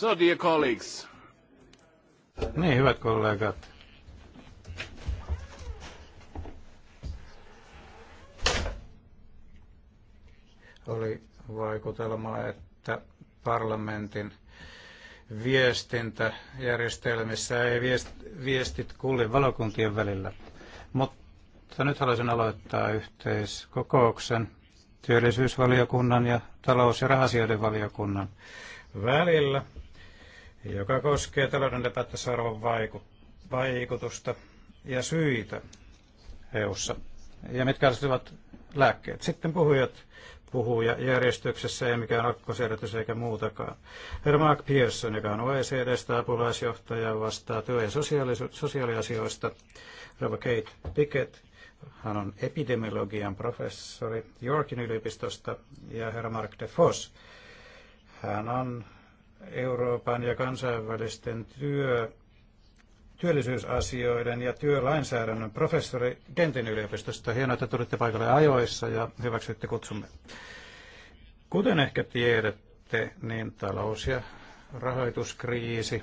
So, dear colleagues. Niin, hyvät kollegat. Oli vaikutelma, että parlamentin viestintäjärjestelmissä ei viestit kulje valokuntien välillä. Mutta nyt haluaisin aloittaa yhteiskokouksen työllisyysvaliokunnan ja talous- ja rahasioiden valiokunnan välillä joka koskee talouden epätasa-arvon vaikutusta ja syitä EU:ssa ja mitkä olisivat lääkkeet. Sitten puhujat ja järjestyksessä ei mikään akkosehdotus eikä muutakaan. Herra Mark Pearson, joka on OECDstä apulaisjohtaja, vastaa työ- ja sosiaaliasioista. Rova Kate Pickett, hän on epidemiologian professori Yorkin yliopistosta. Ja herra Mark DeFoss, hän on Euroopan ja kansainvälisten työ, työllisyysasioiden ja työlainsäädännön professori Gentin yliopistosta. Hienoa, että tulitte paikalle ajoissa ja hyväksytte kutsumme. Kuten ehkä tiedätte, niin talous- ja rahoituskriisi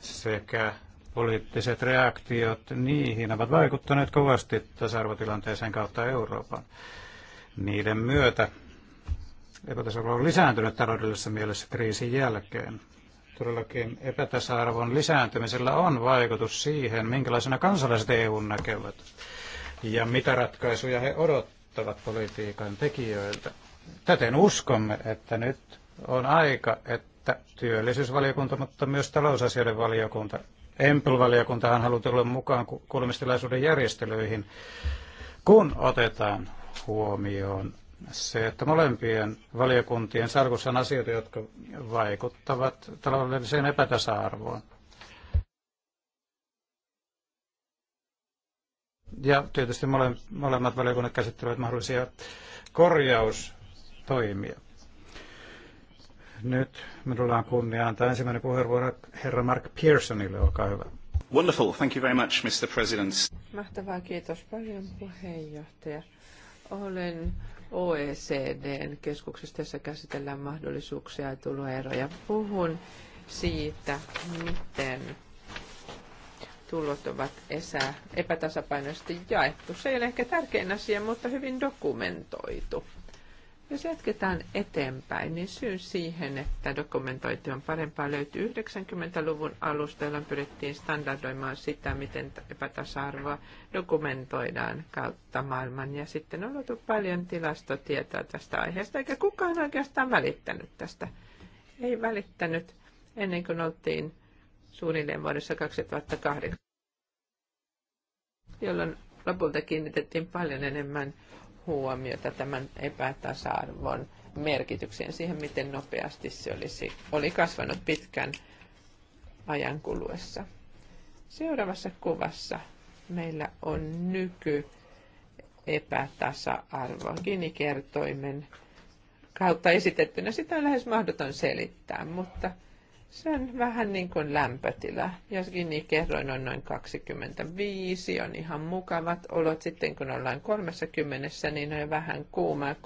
sekä poliittiset reaktiot niihin ovat vaikuttaneet kovasti tasa-arvotilanteeseen kautta Euroopan. Niiden myötä epätasa-arvo on lisääntynyt taloudellisessa mielessä kriisin jälkeen. Todellakin epätasa-arvon lisääntymisellä on vaikutus siihen, minkälaisena kansalaiset EU näkevät ja mitä ratkaisuja he odottavat politiikan tekijöiltä. Täten uskomme, että nyt on aika, että työllisyysvaliokunta, mutta myös talousasioiden valiokunta, empel on haluaa olla mukaan kuulemistilaisuuden järjestelyihin, kun otetaan huomioon se, että molempien valiokuntien sarkussa on asioita, jotka vaikuttavat taloudelliseen epätasa-arvoon. Ja tietysti mole, molemmat valiokunnat käsittelevät mahdollisia korjaustoimia. Nyt minulla on kunnia antaa ensimmäinen puheenvuoro herra Mark Pearsonille, olkaa hyvä. Wonderful, thank you very much, Mr. President. Mahtavaa, kiitos paljon puheenjohtaja. Olen OECDn keskuksesta, jossa käsitellään mahdollisuuksia ja tuloeroja. Puhun siitä, miten tulot ovat epätasapainoisesti jaettu. Se ei ole ehkä tärkein asia, mutta hyvin dokumentoitu. Jos jatketaan eteenpäin, niin syy siihen, että dokumentointi on parempaa, löytyy 90-luvun alusta, jolloin pyrittiin standardoimaan sitä, miten epätasa-arvoa dokumentoidaan kautta maailman. Ja sitten on ollut paljon tilastotietoa tästä aiheesta, eikä kukaan oikeastaan välittänyt tästä. Ei välittänyt ennen kuin oltiin suunnilleen vuodessa 2008, jolloin lopulta kiinnitettiin paljon enemmän huomiota tämän epätasa-arvon merkitykseen, siihen miten nopeasti se olisi, oli kasvanut pitkän ajan kuluessa. Seuraavassa kuvassa meillä on nyky epätasa-arvo. Gini-kertoimen kautta esitettynä sitä on lähes mahdoton selittää, mutta – se on vähän niin kuin lämpötila. Ja Gini-kerroin niin on noin 25, on ihan mukavat olot. Sitten kun ollaan 30, niin on vähän kuumaa 35-40.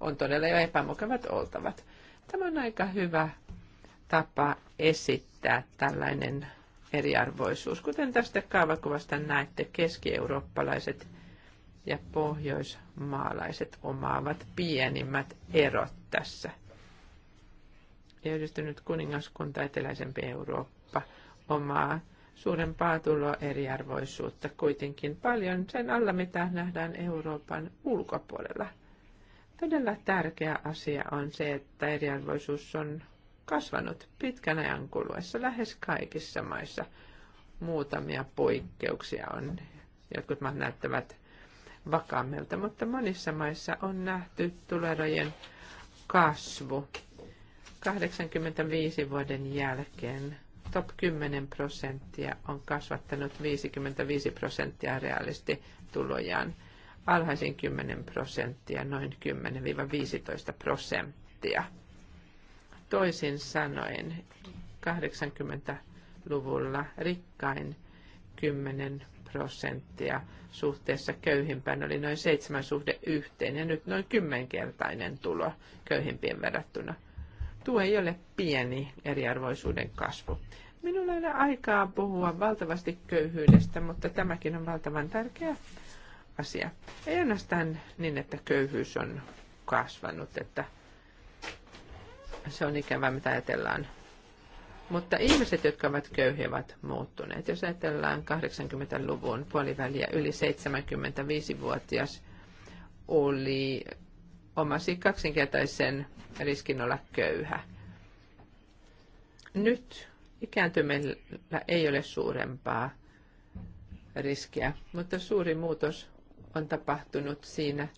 On todella jo epämukavat oltavat. Tämä on aika hyvä tapa esittää tällainen eriarvoisuus. Kuten tästä kaavakuvasta näette, keskieurooppalaiset ja pohjoismaalaiset omaavat pienimmät erot tässä – ja yhdistynyt kuningaskunta, eteläisempi Eurooppa, omaa suurempaa tuloeriarvoisuutta kuitenkin paljon sen alla, mitä nähdään Euroopan ulkopuolella. Todella tärkeä asia on se, että eriarvoisuus on kasvanut pitkän ajan kuluessa lähes kaikissa maissa. Muutamia poikkeuksia on. Jotkut maat näyttävät vakaammilta, mutta monissa maissa on nähty tuloerojen kasvu 85 vuoden jälkeen top 10 prosenttia on kasvattanut 55 prosenttia reaalisti tulojaan. Alhaisin 10 prosenttia, noin 10-15 prosenttia. Toisin sanoen 80-luvulla rikkain 10 prosenttia suhteessa köyhimpään oli noin seitsemän suhde yhteen ja nyt noin kymmenkertainen tulo köyhimpien verrattuna – Tuo ei ole pieni eriarvoisuuden kasvu. Minulla ei ole aikaa puhua valtavasti köyhyydestä, mutta tämäkin on valtavan tärkeä asia. Ei ainoastaan niin, että köyhyys on kasvanut, että se on ikävä, mitä ajatellaan. Mutta ihmiset, jotka ovat köyhiä, ovat muuttuneet. Jos ajatellaan 80-luvun puoliväliä, yli 75-vuotias oli omasi kaksinkertaisen riskin olla köyhä. Nyt ikääntymisellä ei ole suurempaa riskiä, mutta suuri muutos on tapahtunut siinä,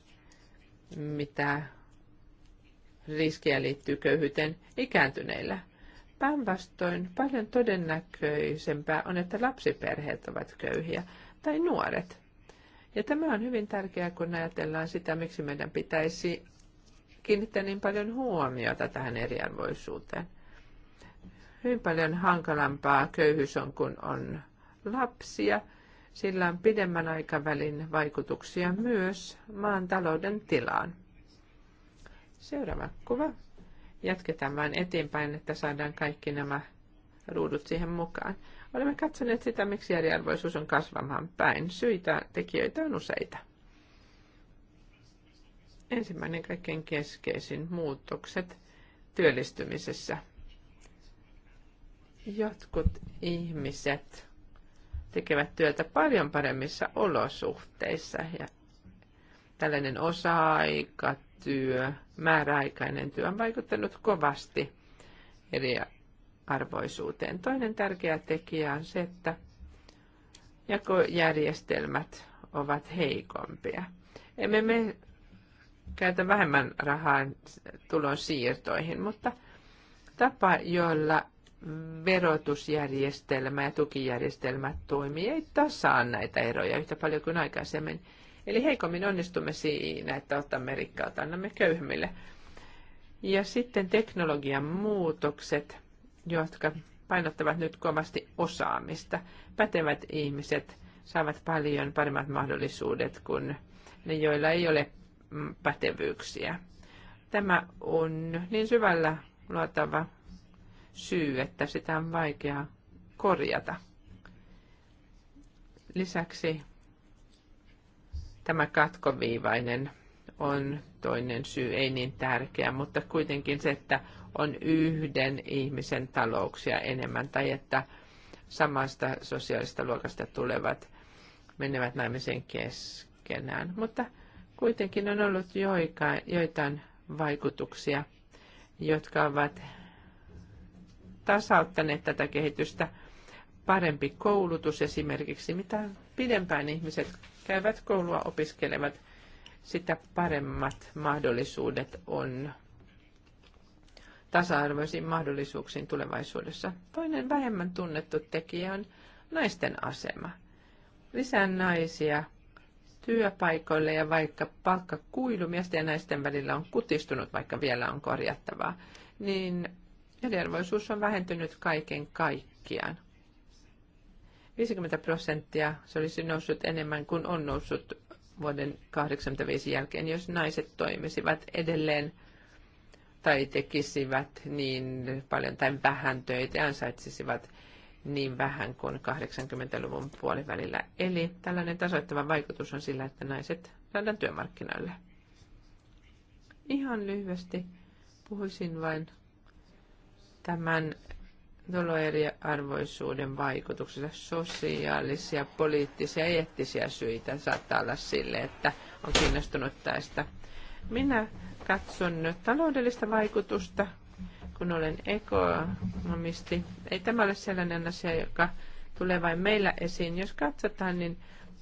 mitä riskiä liittyy köyhyyteen ikääntyneillä. Päinvastoin paljon todennäköisempää on, että lapsiperheet ovat köyhiä tai nuoret. Ja tämä on hyvin tärkeää, kun ajatellaan sitä, miksi meidän pitäisi kiinnittää niin paljon huomiota tähän eriarvoisuuteen. Hyvin paljon hankalampaa köyhyys on, kun on lapsia. Sillä on pidemmän aikavälin vaikutuksia myös maan talouden tilaan. Seuraava kuva. Jatketaan vain eteenpäin, että saadaan kaikki nämä ruudut siihen mukaan. Olemme katsoneet sitä, miksi eriarvoisuus on kasvamaan päin. Syitä tekijöitä on useita. Ensimmäinen kaikkein keskeisin muutokset työllistymisessä. Jotkut ihmiset tekevät työtä paljon paremmissa olosuhteissa ja tällainen osa-aikatyö, määräaikainen työ on vaikuttanut kovasti eri arvoisuuteen. Toinen tärkeä tekijä on se, että jakojärjestelmät ovat heikompia. Emme me käytä vähemmän rahaa tulon siirtoihin, mutta tapa, jolla verotusjärjestelmä ja tukijärjestelmät toimii, ei tasaa näitä eroja yhtä paljon kuin aikaisemmin. Eli heikommin onnistumme siinä, että otamme rikkaalta, annamme köyhmille. Ja sitten teknologian muutokset jotka painottavat nyt kovasti osaamista. Pätevät ihmiset saavat paljon paremmat mahdollisuudet kuin ne, joilla ei ole mm, pätevyyksiä. Tämä on niin syvällä luotava syy, että sitä on vaikea korjata. Lisäksi tämä katkoviivainen on toinen syy, ei niin tärkeä, mutta kuitenkin se, että on yhden ihmisen talouksia enemmän tai että samasta sosiaalista luokasta tulevat menevät naimisen keskenään. Mutta kuitenkin on ollut joika, joitain vaikutuksia, jotka ovat tasauttaneet tätä kehitystä. Parempi koulutus esimerkiksi, mitä pidempään ihmiset käyvät koulua, opiskelevat, sitä paremmat mahdollisuudet on tasa-arvoisiin mahdollisuuksiin tulevaisuudessa. Toinen vähemmän tunnettu tekijä on naisten asema. Lisää naisia työpaikoille ja vaikka palkkakuilu miesten ja naisten välillä on kutistunut, vaikka vielä on korjattavaa, niin eriarvoisuus on vähentynyt kaiken kaikkiaan. 50 prosenttia se olisi noussut enemmän kuin on noussut vuoden 1985 jälkeen, jos naiset toimisivat edelleen tai tekisivät niin paljon tai vähän töitä ja ansaitsisivat niin vähän kuin 80-luvun puolivälillä. Eli tällainen tasoittava vaikutus on sillä, että naiset saadaan työmarkkinoille. Ihan lyhyesti puhuisin vain tämän tuloeriarvoisuuden vaikutuksessa sosiaalisia, poliittisia ja eettisiä syitä saattaa olla sille, että on kiinnostunut tästä. Minä katson nyt taloudellista vaikutusta, kun olen ekonomisti. Ei tämä ole sellainen asia, joka tulee vain meillä esiin. Jos katsotaan, niin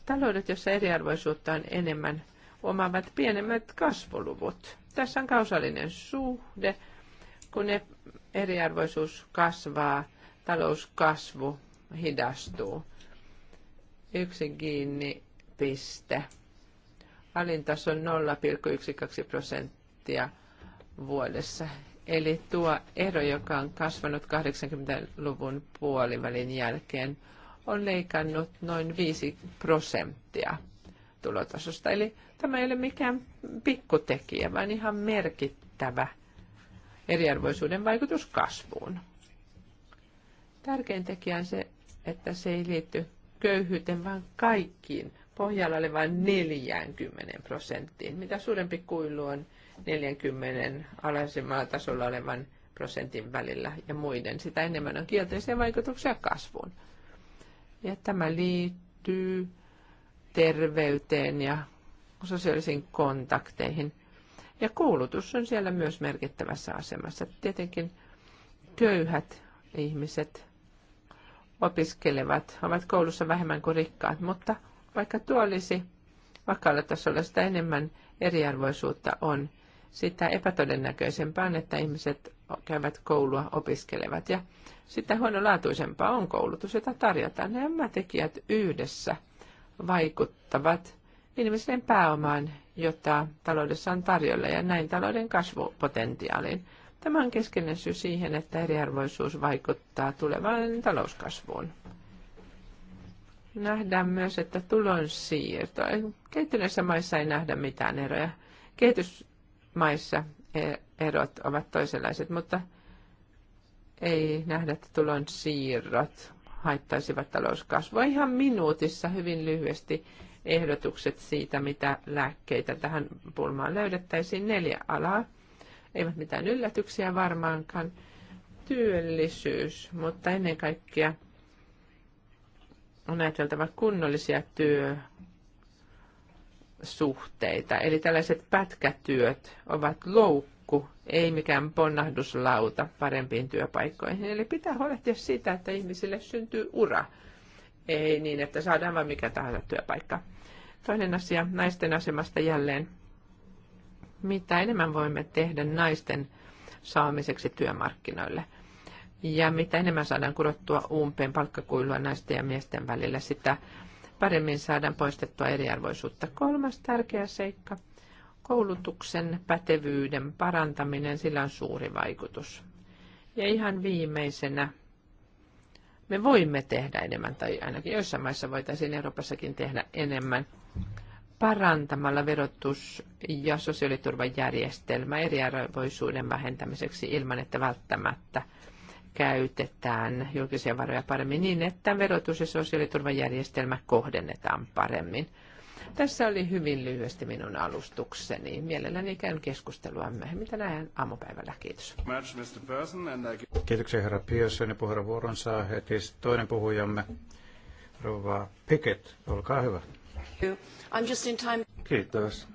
taloudet, joissa eriarvoisuutta on enemmän, omaavat pienemmät kasvuluvut. Tässä on kausallinen suhde. Kun e- eriarvoisuus kasvaa, talouskasvu hidastuu. Yksi kiinni piste. Alintaso on 0,12 prosenttia prosenttia vuodessa. Eli tuo ero, joka on kasvanut 80-luvun puolivälin jälkeen, on leikannut noin 5 prosenttia tulotasosta. Eli tämä ei ole mikään pikkutekijä, vaan ihan merkittävä eriarvoisuuden vaikutus kasvuun. Tärkein tekijä on se, että se ei liity köyhyyteen, vaan kaikkiin pohjalla vain 40 prosenttiin. Mitä suurempi kuilu on, 40 alhaisemmalla tasolla olevan prosentin välillä ja muiden. Sitä enemmän on kielteisiä vaikutuksia kasvuun. Ja tämä liittyy terveyteen ja sosiaalisiin kontakteihin. Ja koulutus on siellä myös merkittävässä asemassa. Tietenkin köyhät ihmiset opiskelevat, ovat koulussa vähemmän kuin rikkaat, mutta vaikka tuo olisi vakaalla tasolla, sitä enemmän eriarvoisuutta on sitä epätodennäköisempää on, että ihmiset käyvät koulua, opiskelevat ja sitä huonolaatuisempaa on koulutus, jota tarjotaan. Nämä tekijät yhdessä vaikuttavat ihmisten pääomaan, jota taloudessa on tarjolla ja näin talouden kasvupotentiaaliin. Tämä on keskeinen syy siihen, että eriarvoisuus vaikuttaa tulevaan talouskasvuun. Nähdään myös, että tulonsiirto. Kehittyneissä maissa ei nähdä mitään eroja. Kehitys maissa e- erot ovat toisenlaiset, mutta ei nähdä, että tulon siirrot haittaisivat talouskasvua. Ihan minuutissa hyvin lyhyesti ehdotukset siitä, mitä lääkkeitä tähän pulmaan löydettäisiin. Neljä alaa. Eivät mitään yllätyksiä varmaankaan. Työllisyys, mutta ennen kaikkea on ajateltava kunnollisia työ suhteita. Eli tällaiset pätkätyöt ovat loukku, ei mikään ponnahduslauta parempiin työpaikkoihin. Eli pitää huolehtia siitä, että ihmisille syntyy ura. Ei niin, että saadaan vain mikä tahansa työpaikka. Toinen asia naisten asemasta jälleen. Mitä enemmän voimme tehdä naisten saamiseksi työmarkkinoille? Ja mitä enemmän saadaan kurottua umpeen palkkakuilua naisten ja miesten välillä, sitä paremmin saadaan poistettua eriarvoisuutta. Kolmas tärkeä seikka, koulutuksen pätevyyden parantaminen, sillä on suuri vaikutus. Ja ihan viimeisenä, me voimme tehdä enemmän, tai ainakin joissain maissa voitaisiin Euroopassakin tehdä enemmän, parantamalla verotus- ja sosiaaliturvajärjestelmä eriarvoisuuden vähentämiseksi ilman, että välttämättä – käytetään julkisia varoja paremmin niin, että verotus- ja sosiaaliturvajärjestelmä kohdennetaan paremmin. Tässä oli hyvin lyhyesti minun alustukseni. Mielelläni käyn keskustelua myöhemmin tänään aamupäivällä. Kiitos. Kiitoksia herra Pearson ja puheenvuoron saa heti toinen puhujamme, rouva Pickett. Olkaa hyvä. I'm just in time. Kiitos.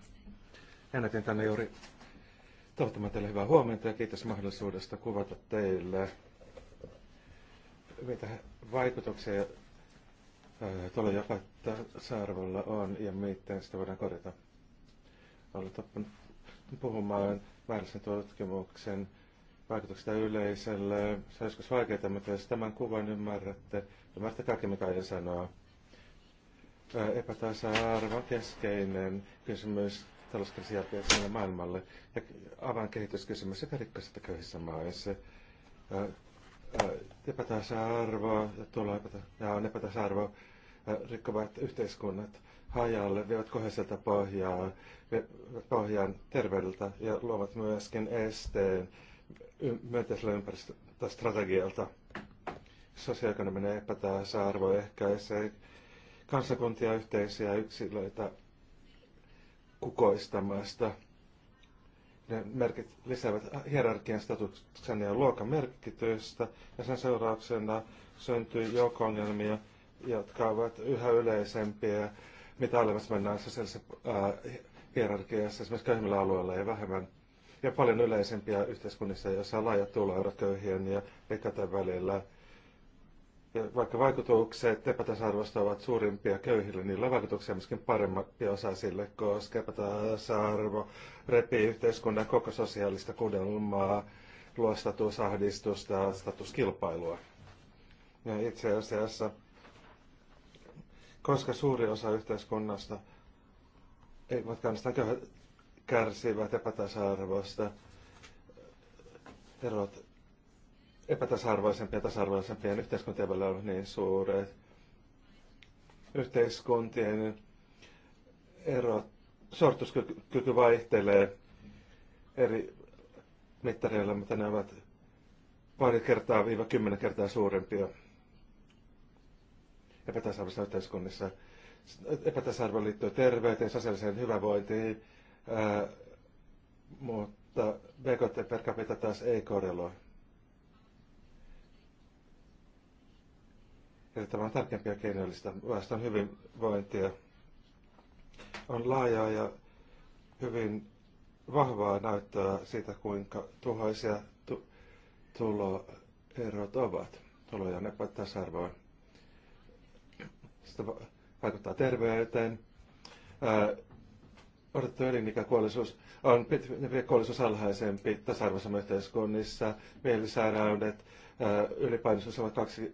Ennätin tänne juuri toivottamaan teille hyvää huomenta ja kiitos mahdollisuudesta kuvata teille mitä vaikutuksia äh, tuolla joka tasa-arvolla on ja miten sitä voidaan korjata. Olen tottunut puhumaan määrällisen tutkimuksen vaikutuksista yleisölle. Se on joskus vaikeaa, mutta jos tämän kuvan ymmärrätte, ymmärrätte kaikki, mitä aion sanoa. Äh, epätasa-arvo on keskeinen kysymys talouskriisin jälkeen maailmalle ja avan kehityskysymys sekä rikkaissa että köyhissä maissa äh, epätasa-arvoa ja tuolla ja on epätasa-arvoa rikkovat yhteiskunnat hajalle, vievät kohdaiselta pohjaa, pohjaan terveydeltä ja luovat myöskin esteen myönteisellä ympäristöstrategialta. Sosioekonominen epätasa-arvo ehkäisee kansakuntia, yhteisiä yksilöitä kukoistamasta – ne merkit lisäävät hierarkian statuksen ja luokan merkitystä, ja sen seurauksena syntyy joukko ongelmia, jotka ovat yhä yleisempiä, mitä alemmassa mennään sosiaalisessa äh, hierarkiassa, esimerkiksi köyhimmillä alueilla ja vähemmän, ja paljon yleisempiä yhteiskunnissa, joissa on laajat tuloerot köyhien ja rikkaiden välillä, vaikka vaikutukset epätasa-arvosta ovat suurimpia köyhille, niillä on vaikutuksia myöskin paremmampia sille, koska epätasa-arvo repii yhteiskunnan koko sosiaalista kudelmaa, luo statusahdistusta, statuskilpailua. Ja itse asiassa, koska suuri osa yhteiskunnasta ei vaikka kärsivät epätasa-arvosta, erot epätasa-arvoisempien ja tasa-arvoisempien yhteiskuntien välillä on niin suuret. Yhteiskuntien erot, sortuskyky vaihtelee eri mittareilla, mutta ne ovat pari kertaa viiva kymmenen kertaa suurempia epätasa-arvoisissa yhteiskunnissa. Epätasa-arvo liittyy terveyteen, sosiaaliseen hyvävointiin, ää, mutta BKT per capita taas ei korreloi. että tämä on tärkeimpiä keinoillista väestön hyvinvointia. On laajaa ja hyvin vahvaa näyttöä siitä, kuinka tuhaisia tu- tuloerot ovat. Tuloja ne epätasa-arvoa. Sitä vaikuttaa terveyteen. Ää, odotettu elinikäkuollisuus on kuollisuus alhaisempi tasa arvoisemmissa yhteiskunnissa. Mielisairaudet, ylipainoisuus ovat kaksi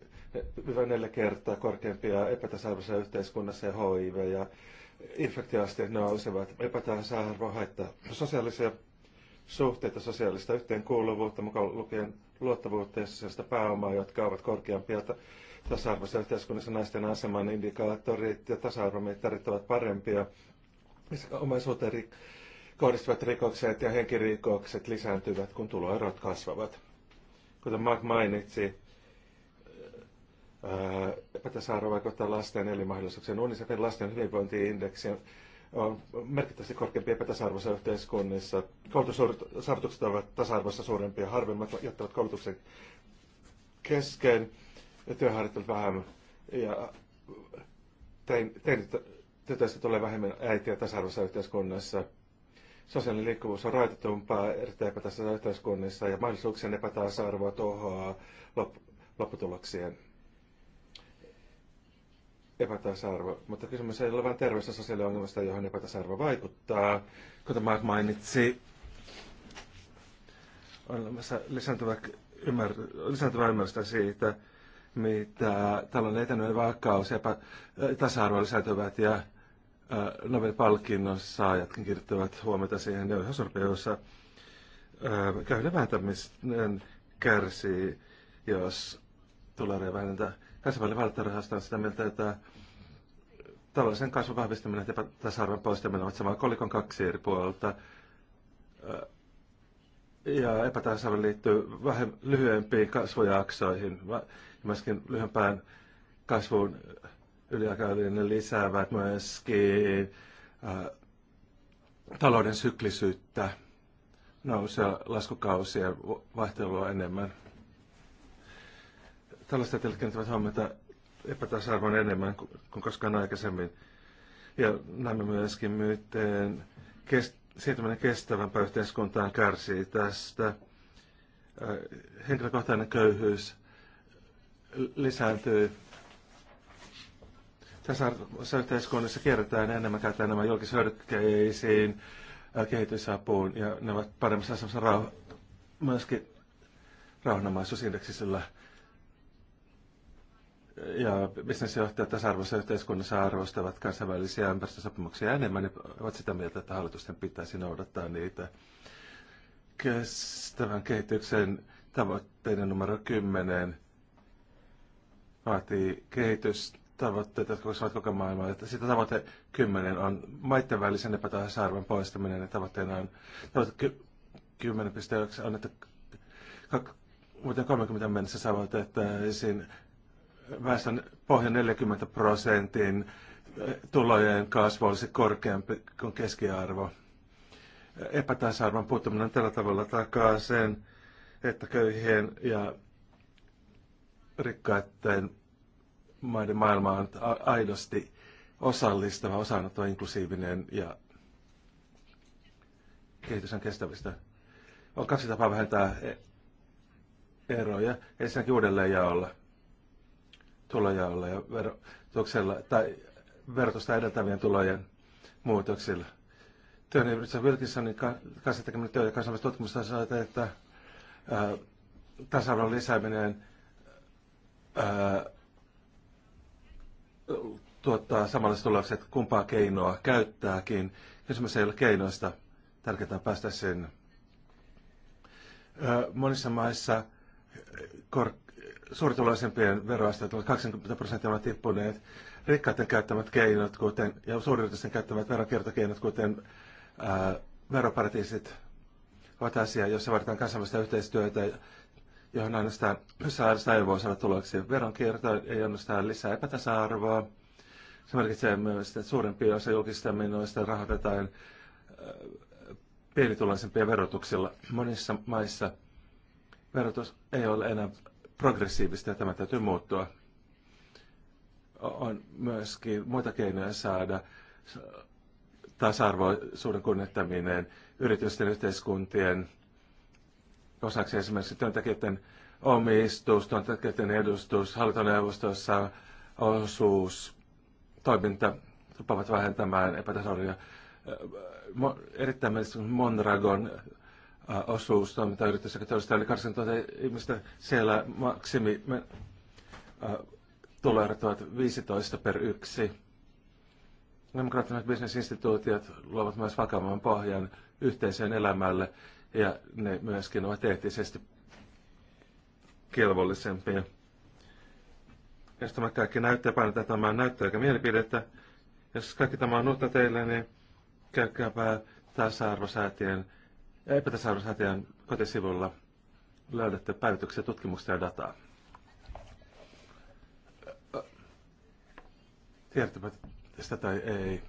hyvä neljä kertaa korkeampia epätasa-arvoisessa yhteiskunnassa ja HIV ja infektioasteet nousevat, epätasa-arvo haittaa sosiaalisia suhteita, sosiaalista yhteenkuuluvuutta, mukaan lukien luottavuutta ja sosiaalista pääomaa, jotka ovat korkeampia tasa-arvoisessa yhteiskunnassa. Naisten aseman indikaattorit ja tasa-arvomittarit ovat parempia. Omaisuuteen kohdistuvat rikokset ja henkirikokset lisääntyvät, kun tuloerot kasvavat. Kuten Mark mainitsi, epätasa-arvo vaikuttaa lasten elinmahdollisuuksien. Unicefin lasten hyvinvointiindeksi on merkittävästi korkeampi epätasa-arvoissa yhteiskunnissa. Koulutussaavutukset ovat tasa-arvoissa suurempia, harvemmat jättävät koulutuksen kesken ja työharjoittelut vähemmän. Ja tein, tein tytöistä tulee vähemmän äitiä tasa-arvoisessa yhteiskunnassa. Sosiaalinen liikkuvuus on rajoitetumpaa erittäin epätasa-arvoisissa yhteiskunnissa ja mahdollisuuksien epätasa-arvoa tuhoaa lopputuloksien epätasa-arvo, mutta kysymys ei ole vain terveys- ja sosiaaliongelmista, johon epätasa-arvo vaikuttaa. Kuten Mark mainitsi, on olemassa lisääntyvä, ymmär, lisääntyvä ymmärrystä siitä, mitä tällainen etäinen vakaus ja äh, tasa-arvo lisääntyvät ja äh, Nobel-palkinnon saajatkin kirjoittavat huomiota siihen, ne on ihan sorpeussa. Käydä kärsii, jos tulee vähentää Kansainvälinen valuuttarahasto on sitä mieltä, että taloudellisen kasvun vahvistaminen ja tasa-arvon poistaminen ovat samaa kolikon kaksi eri puolta. Ja epätasa liittyy vähän lyhyempiin kasvujaksoihin, myöskin lyhyempään kasvuun yliaikainen lisäävät myöskin talouden syklisyyttä, nousee laskukausien vaihtelua enemmän. Tällaista telkkentävät huomiota epätasa-arvon enemmän kuin koskaan aikaisemmin. Ja näemme myöskin, myyteen kest- siirtyminen kestävämpään yhteiskuntaan kärsii tästä. Henkilökohtainen köyhyys lisääntyy. Tässä yhteiskunnassa kierretään enemmän, käytetään enemmän julkishyödykkeisiin, kehitysapuun ja ne ovat paremmassa asemassa rauha, myöskin rauhanomaisuusindeksillä ja bisnesjohtajat tasa-arvoisessa yhteiskunnassa arvostavat kansainvälisiä ympäristösopimuksia enemmän, niin ovat sitä mieltä, että hallitusten pitäisi noudattaa niitä. Kestävän kehityksen tavoitteiden numero 10 vaatii kehitystavoitteet, jotka koskevat koko maailmaa. Että sitä tavoite 10 on maiden välisen epätasa-arvon poistaminen ja tavoitteena on tavoite 10.9 on, että vuoteen 30 mennessä saavutettaisiin väestön pohja 40 prosentin eh, tulojen kasvu olisi korkeampi kuin keskiarvo. Epätasa-arvon puuttuminen tällä tavalla takaa sen, että köyhien ja rikkaiden maiden maailma on aidosti osallistava, osanotto inklusiivinen ja kehitys on kestävistä. On kaksi tapaa vähentää e-, eroja. Ensinnäkin uudelleen jaolla tulojaolla ja verotuksella tai verotusta edeltävien tulojen muutoksilla. Työn ja Wilkinsonin kanssa tekeminen työ- ja kansainvälistä tutkimusta sanotaan, että äh, tasa-arvon lisääminen äh, tuottaa samanlaiset tulokset kumpaa keinoa käyttääkin. Kysymys ei ole keinoista, tärkeintä on päästä sinne. Äh, monissa maissa kor- suurituloisempien veroasteet ovat 20 prosenttia tippuneet. Rikkaiden käyttämät keinot, kuten, ja suurituloisten käyttämät verokiertokeinot, kuten ää, veroparatiisit, ovat asia, jossa vaaditaan kansainvälistä yhteistyötä, johon ainoastaan saadaan ei voi saada tuloksia. Veronkierto ei ainoastaan lisää epätasa-arvoa. Se merkitsee myös, että suurempi osa julkisista menoista rahoitetaan pienituloisempia verotuksilla. Monissa maissa verotus ei ole enää progressiivista ja tämä täytyy muuttua. On myöskin muita keinoja saada tasa-arvoisuuden kunnettaminen yritysten yhteiskuntien osaksi esimerkiksi työntekijöiden omistus, työntekijöiden edustus, hallintoneuvostossa osuus, toiminta tupavat vähentämään epätasa-arvoja. Erittäin Mondragon osuus toimintayritys, joka työllistää yli 80 ihmistä. Siellä maksimi me, äh, 15 per yksi. Demokraattiset bisnesinstituutiot luovat myös vakavan pohjan yhteiseen elämälle ja ne myöskin ovat eettisesti kelvollisempia. Jos tämä kaikki näyttää, painetaan tämä näyttää eikä mielipidettä. Jos kaikki tämä on uutta teille, niin käykääpä tasa-arvosäätiön Epätasa-arvosäätiön kotisivulla löydätte päivityksiä tutkimusta ja dataa. Tiedättepä sitä tai ei.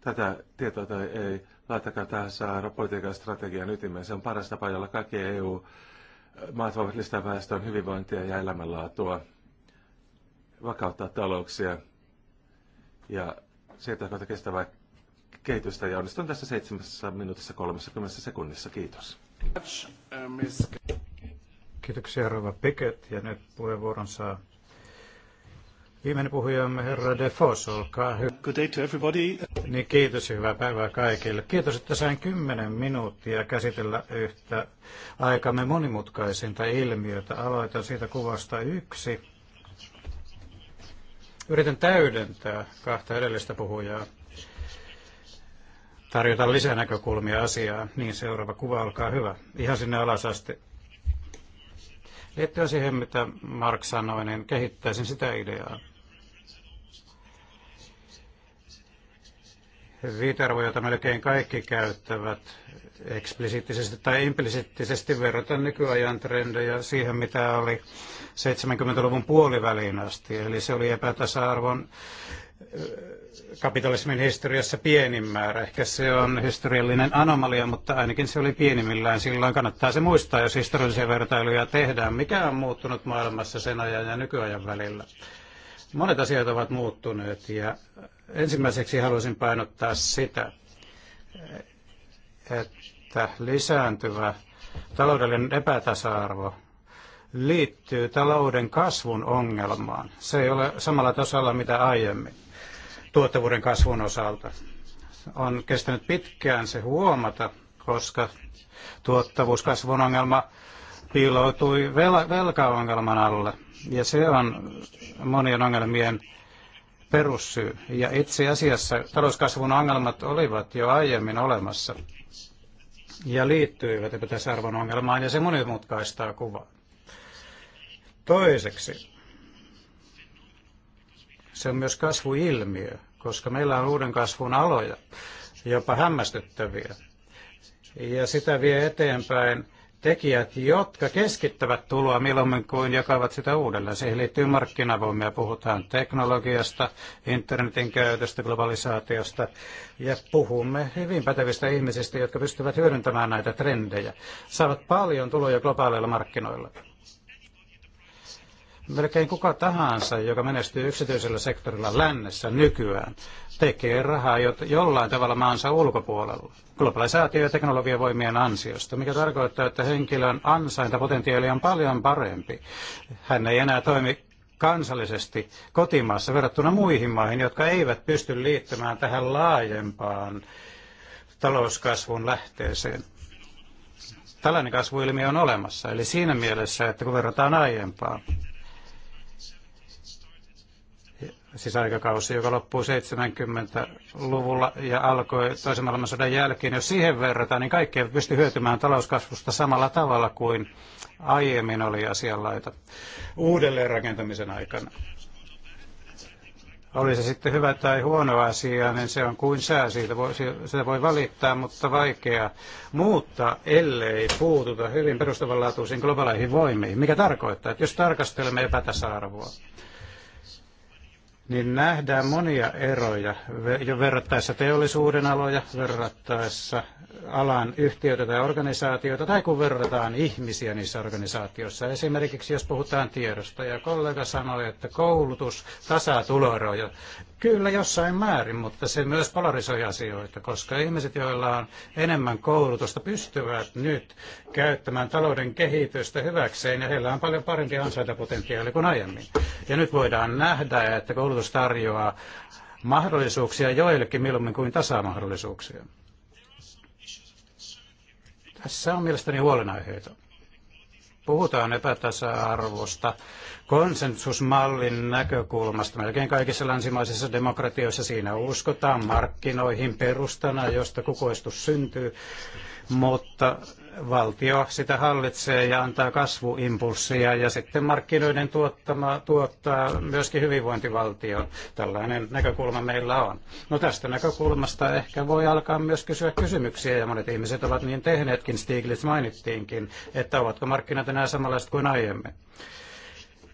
Tätä tietoa tai ei. Laittakaa tässä politiikan strategian ytimeen. Se on paras tapa, jolla kaikki EU-maat voivat lisätä väestön hyvinvointia ja elämänlaatua, vakauttaa talouksia ja siirtää kohta kestävää kehitystä ja onnistun tässä 7 minuutissa 30 sekunnissa. Kiitos. Kiitoksia Rova Piket ja nyt puheenvuoron saa Viimeinen puhujamme herra Defos, olkaa hyvä. Good day to everybody. Niin kiitos ja hyvää päivää kaikille. Kiitos, että sain kymmenen minuuttia käsitellä yhtä aikamme monimutkaisinta ilmiötä. Aloitan siitä kuvasta yksi. Yritän täydentää kahta edellistä puhujaa tarjota lisänäkökulmia asiaan. Niin seuraava kuva, olkaa hyvä. Ihan sinne alas asti. Liittyen siihen, mitä Mark sanoi, niin kehittäisin sitä ideaa. Viitearvo, jota melkein kaikki käyttävät eksplisiittisesti tai implisiittisesti verrataan nykyajan trendejä siihen, mitä oli 70-luvun puoliväliin asti. Eli se oli epätasa-arvon kapitalismin historiassa pienin määrä. Ehkä se on historiallinen anomalia, mutta ainakin se oli pienimmillään. Silloin kannattaa se muistaa, jos historiallisia vertailuja tehdään. Mikä on muuttunut maailmassa sen ajan ja nykyajan välillä? Monet asiat ovat muuttuneet ja ensimmäiseksi haluaisin painottaa sitä, että lisääntyvä taloudellinen epätasa-arvo liittyy talouden kasvun ongelmaan. Se ei ole samalla tasolla mitä aiemmin tuottavuuden kasvun osalta. On kestänyt pitkään se huomata, koska tuottavuuskasvun ongelma piiloutui velkaongelman alle. Ja se on monien ongelmien perussyy. Ja itse asiassa talouskasvun ongelmat olivat jo aiemmin olemassa ja liittyivät epätasa-arvon ongelmaan, ja se monimutkaistaa kuvaa. Toiseksi se on myös kasvuilmiö, koska meillä on uuden kasvun aloja, jopa hämmästyttäviä. Ja sitä vie eteenpäin tekijät, jotka keskittävät tuloa milloin kuin jakavat sitä uudelleen. Siihen liittyy markkinavoimia, puhutaan teknologiasta, internetin käytöstä, globalisaatiosta ja puhumme hyvin pätevistä ihmisistä, jotka pystyvät hyödyntämään näitä trendejä. Saavat paljon tuloja globaaleilla markkinoilla melkein kuka tahansa, joka menestyy yksityisellä sektorilla lännessä nykyään, tekee rahaa jo, jollain tavalla maansa ulkopuolella globalisaatio- ja teknologiavoimien ansiosta, mikä tarkoittaa, että henkilön ansaintapotentiaali on paljon parempi. Hän ei enää toimi kansallisesti kotimaassa verrattuna muihin maihin, jotka eivät pysty liittymään tähän laajempaan talouskasvun lähteeseen tällainen kasvuilmiö on olemassa. Eli siinä mielessä, että kun verrataan aiempaa, siis aikakausi, joka loppui 70-luvulla ja alkoi toisen maailmansodan jälkeen. Jos siihen verrataan, niin kaikki pysty hyötymään talouskasvusta samalla tavalla kuin aiemmin oli asianlaita rakentamisen aikana. Oli se sitten hyvä tai huono asia, niin se on kuin sää, siitä voi, sitä voi valittaa, mutta vaikea muuttaa, ellei puututa hyvin perustavanlaatuisiin globaaleihin voimiin, mikä tarkoittaa, että jos tarkastelemme epätasa-arvoa, niin nähdään monia eroja jo verrattaessa teollisuuden aloja, verrattaessa alan yhtiöitä tai organisaatioita, tai kun verrataan ihmisiä niissä organisaatioissa. Esimerkiksi jos puhutaan tiedosta, ja kollega sanoi, että koulutus tasaa tuloeroja. Kyllä jossain määrin, mutta se myös polarisoi asioita, koska ihmiset, joilla on enemmän koulutusta, pystyvät nyt käyttämään talouden kehitystä hyväkseen ja heillä on paljon parempi ansaintapotentiaali kuin aiemmin. Ja nyt voidaan nähdä, että koulutus tarjoaa mahdollisuuksia joillekin mieluummin kuin tasamahdollisuuksia. Tässä on mielestäni huolenaiheita puhutaan epätasa-arvosta konsensusmallin näkökulmasta. Melkein kaikissa länsimaisissa demokratioissa siinä uskotaan markkinoihin perustana, josta kukoistus syntyy, mutta valtio sitä hallitsee ja antaa kasvuimpulssia ja sitten markkinoiden tuottama, tuottaa myöskin hyvinvointivaltio. Tällainen näkökulma meillä on. No tästä näkökulmasta ehkä voi alkaa myös kysyä kysymyksiä ja monet ihmiset ovat niin tehneetkin, Stiglitz mainittiinkin, että ovatko markkinat enää samanlaiset kuin aiemmin.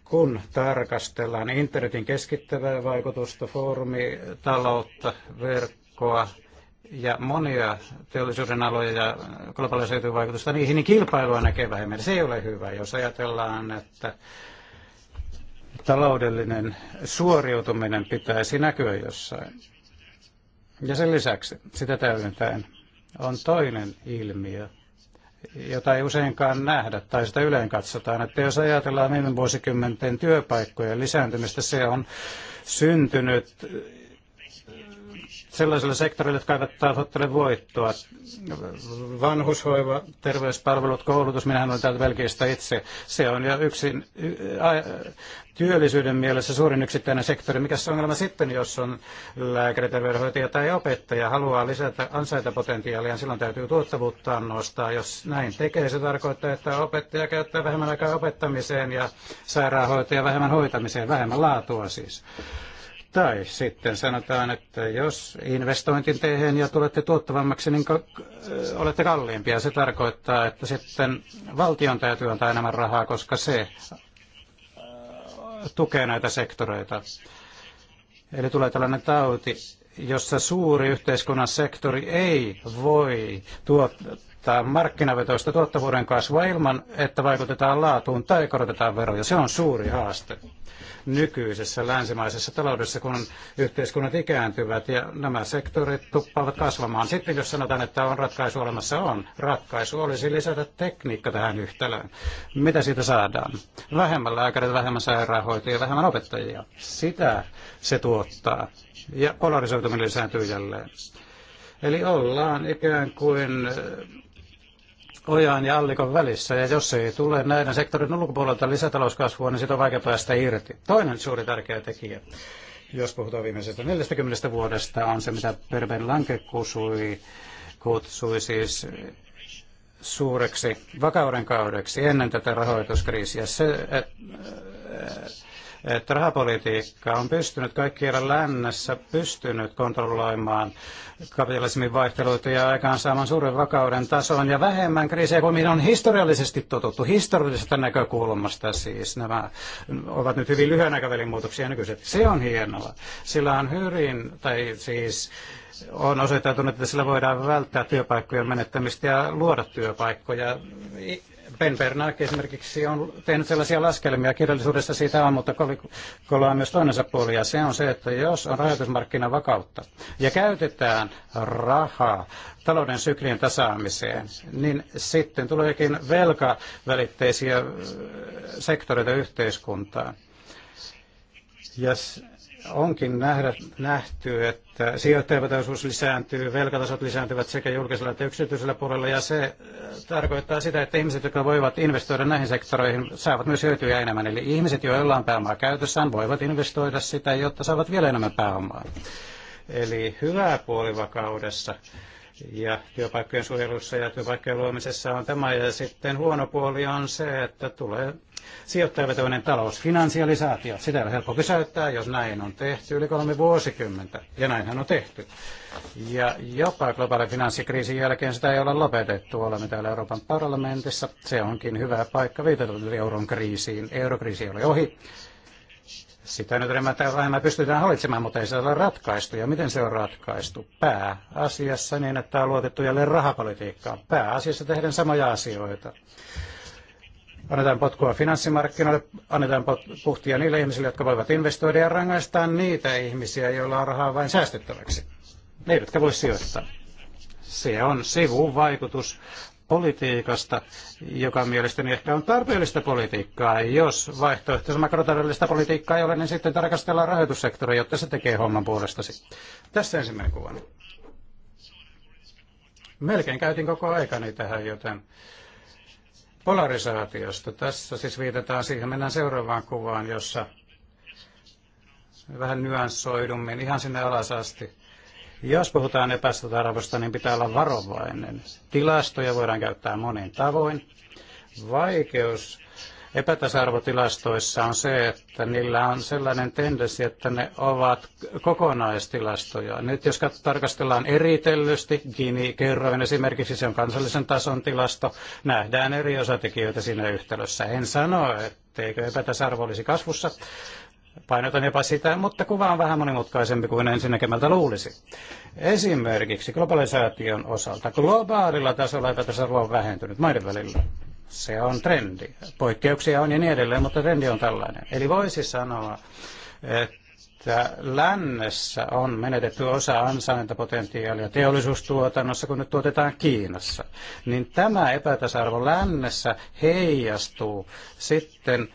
Kun tarkastellaan internetin keskittävää vaikutusta, foorumitaloutta, verkkoa, ja monia teollisuuden aloja ja globalisoituu vaikutusta niihin, niin kilpailua näkee vähemmän. Se ei ole hyvä, jos ajatellaan, että taloudellinen suoriutuminen pitäisi näkyä jossain. Ja sen lisäksi sitä täydentäen on toinen ilmiö, jota ei useinkaan nähdä tai sitä yleen katsotaan. Että jos ajatellaan viime vuosikymmenten työpaikkojen lisääntymistä, se on syntynyt sellaisille sektoreille, jotka eivät tavoittele voittoa. Vanhushoiva, terveyspalvelut, koulutus, minähän olen täältä Belgiasta itse. Se on jo yksin työllisyyden mielessä suurin yksittäinen sektori. Mikä se ongelma sitten, jos on lääkäri, terveydenhoitaja tai opettaja, haluaa lisätä ansaintapotentiaalia, niin silloin täytyy tuottavuutta nostaa. Jos näin tekee, se tarkoittaa, että opettaja käyttää vähemmän aikaa opettamiseen ja sairaanhoitaja vähemmän hoitamiseen, vähemmän laatua siis. Tai sitten sanotaan, että jos investointin teihin ja tulette tuottavammaksi, niin olette kalliimpia. Se tarkoittaa, että sitten valtion täytyy antaa enemmän rahaa, koska se tukee näitä sektoreita. Eli tulee tällainen tauti, jossa suuri yhteiskunnan sektori ei voi tuottaa markkinavetoista tuottavuuden kasvua ilman, että vaikutetaan laatuun tai korotetaan veroja. Se on suuri haaste nykyisessä länsimaisessa taloudessa, kun yhteiskunnat ikääntyvät ja nämä sektorit tuppaavat kasvamaan. Sitten jos sanotaan, että on ratkaisu olemassa, on. Ratkaisu olisi lisätä tekniikka tähän yhtälöön. Mitä siitä saadaan? Vähemmän lääkäreitä, vähemmän sairaanhoitajia, vähemmän opettajia. Sitä se tuottaa. Ja polarisoituminen lisääntyy jälleen. Eli ollaan ikään kuin ojan ja allikon välissä, ja jos ei tule näiden sektorin ulkopuolelta lisätalouskasvua, niin siitä on vaikea päästä irti. Toinen suuri tärkeä tekijä, jos puhutaan viimeisestä 40 vuodesta, on se, mitä Perben Lanke kusui, kutsui siis suureksi vakauden kaudeksi ennen tätä rahoituskriisiä. Se, et, et, että rahapolitiikka on pystynyt kaikkialla lännessä pystynyt kontrolloimaan kapitalismin vaihteluita ja aikaansaamaan suuren vakauden tason ja vähemmän kriisejä kuin mihin on historiallisesti totuttu, historiallisesta näkökulmasta siis. Nämä ovat nyt hyvin lyhyen aikavälin muutoksia nykyiset. Se on hienoa. Sillä on hyvin, tai siis on osoittautunut, että sillä voidaan välttää työpaikkojen menettämistä ja luoda työpaikkoja Ben Bernanke esimerkiksi on tehnyt sellaisia laskelmia, kirjallisuudessa siitä on, mutta kolikolla on myös toinen puoli, ja se on se, että jos on vakautta ja käytetään rahaa talouden syklien tasaamiseen, niin sitten tuleekin velkavälitteisiä äh, sektoreita yhteiskuntaan. Ja yes onkin nähdä, nähty, että sijoittajavetoisuus lisääntyy, velkatasot lisääntyvät sekä julkisella että yksityisellä puolella, ja se äh, tarkoittaa sitä, että ihmiset, jotka voivat investoida näihin sektoreihin, saavat myös hyötyjä enemmän. Eli ihmiset, joilla on pääomaa käytössään, voivat investoida sitä, jotta saavat vielä enemmän pääomaa. Eli hyvää puolivakaudessa ja työpaikkojen suojelussa ja työpaikkojen luomisessa on tämä. Ja sitten huono puoli on se, että tulee sijoittajavetoinen talous, finansialisaatio. Sitä on helppo pysäyttää, jos näin on tehty yli kolme vuosikymmentä. Ja näinhän on tehty. Ja jopa globaalin finanssikriisin jälkeen sitä ei ole lopetettu. Olemme täällä Euroopan parlamentissa. Se onkin hyvä paikka viitata euron kriisiin. Eurokriisi oli ohi. Sitä nyt enemmän vähemmän pystytään hallitsemaan, mutta ei se ole ratkaistu. Ja miten se on ratkaistu? Pääasiassa niin, että on luotettu jälleen rahapolitiikkaan. Pääasiassa tehdään samoja asioita. Annetaan potkua finanssimarkkinoille, annetaan puhtia niille ihmisille, jotka voivat investoida ja rangaistaan niitä ihmisiä, joilla on rahaa vain säästettäväksi. Ne eivätkä voi sijoittaa. Se on sivuvaikutus politiikasta, joka mielestäni ehkä on tarpeellista politiikkaa. Jos vaihtoehtoista makrotaloudellista politiikkaa ei ole, niin sitten tarkastellaan rahoitussektoria, jotta se tekee homman puolestasi. Tässä ensimmäinen kuva. Melkein käytin koko aikani tähän, joten polarisaatiosta. Tässä siis viitataan siihen, mennään seuraavaan kuvaan, jossa vähän nyanssoidummin ihan sinne alas asti jos puhutaan epätasa-arvosta, niin pitää olla varovainen. Tilastoja voidaan käyttää monin tavoin. Vaikeus epätasa-arvotilastoissa on se, että niillä on sellainen tendenssi, että ne ovat kokonaistilastoja. Nyt jos tarkastellaan eritellysti, Gini-kerroin esimerkiksi, se on kansallisen tason tilasto, nähdään eri osatekijöitä siinä yhtälössä. En sano, etteikö epätasa-arvo olisi kasvussa, Painotan jopa sitä, mutta kuva on vähän monimutkaisempi kuin ensinnäkemältä luulisi. Esimerkiksi globalisaation osalta globaalilla tasolla epätasa-arvo on vähentynyt maiden välillä. Se on trendi. Poikkeuksia on ja niin edelleen, mutta trendi on tällainen. Eli voisi sanoa, että lännessä on menetetty osa ansaintapotentiaalia teollisuustuotannossa, kun nyt tuotetaan Kiinassa. Niin tämä epätasarvo lännessä heijastuu sitten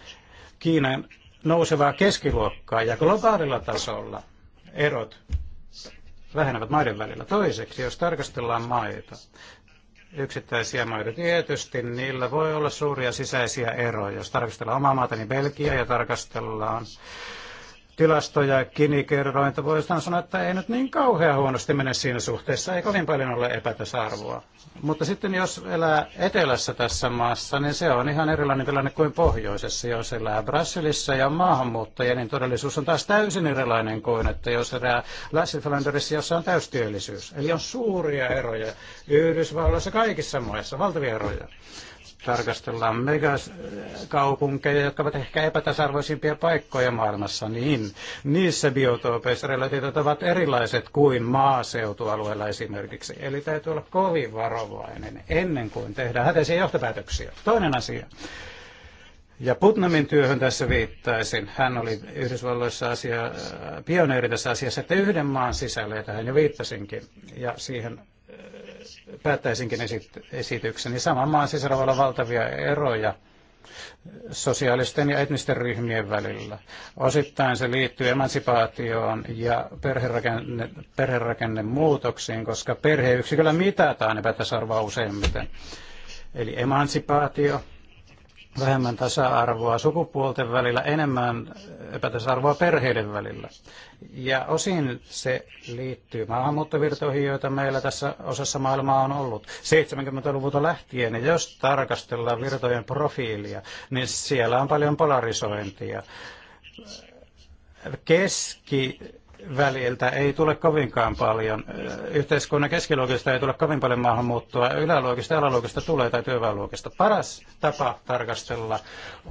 Kiinan nousevaa keskiluokkaa ja globaalilla tasolla erot vähenevät maiden välillä. Toiseksi, jos tarkastellaan maita, yksittäisiä maita tietysti, niillä voi olla suuria sisäisiä eroja. Jos tarkastellaan omaa maata, niin Belgia ja tarkastellaan tilastoja Kini-kerroin, että voidaan sanoa, että ei nyt niin kauhean huonosti mene siinä suhteessa, ei kovin paljon ole epätasa-arvoa. Mutta sitten jos elää etelässä tässä maassa, niin se on ihan erilainen tilanne kuin pohjoisessa. Jos elää Brassilissa ja maahanmuuttajia, niin todellisuus on taas täysin erilainen kuin, että jos elää Lassifalanderissa, jossa on täystyöllisyys. Eli on suuria eroja Yhdysvalloissa kaikissa maissa, valtavia eroja tarkastellaan megakaupunkeja, jotka ovat ehkä epätasarvoisimpia paikkoja maailmassa, niin niissä biotoopeissa relatiivit ovat erilaiset kuin maaseutualueella esimerkiksi. Eli täytyy olla kovin varovainen ennen kuin tehdään hätäisiä johtopäätöksiä. Toinen asia. Ja Putnamin työhön tässä viittaisin. Hän oli Yhdysvalloissa asia, pioneeri tässä asiassa, että yhden maan sisällä, ja tähän jo viittasinkin, ja siihen päättäisinkin esit- niin Saman maan sisällä voi olla valtavia eroja sosiaalisten ja etnisten ryhmien välillä. Osittain se liittyy emansipaatioon ja perherakenne, perherakennemuutoksiin, koska perheyksiköllä mitataan epätasa-arvoa useimmiten. Eli emansipaatio vähemmän tasa-arvoa sukupuolten välillä, enemmän epätasa-arvoa perheiden välillä. Ja osin se liittyy maahanmuuttovirtoihin, joita meillä tässä osassa maailmaa on ollut 70-luvulta lähtien. Ja jos tarkastellaan virtojen profiilia, niin siellä on paljon polarisointia. Keski väliltä ei tule kovinkaan paljon. Yhteiskunnan keskiluokista ei tule kovin paljon maahanmuuttoa. Yläluokista ja alaluokista tulee tai työväenluokista. Paras tapa tarkastella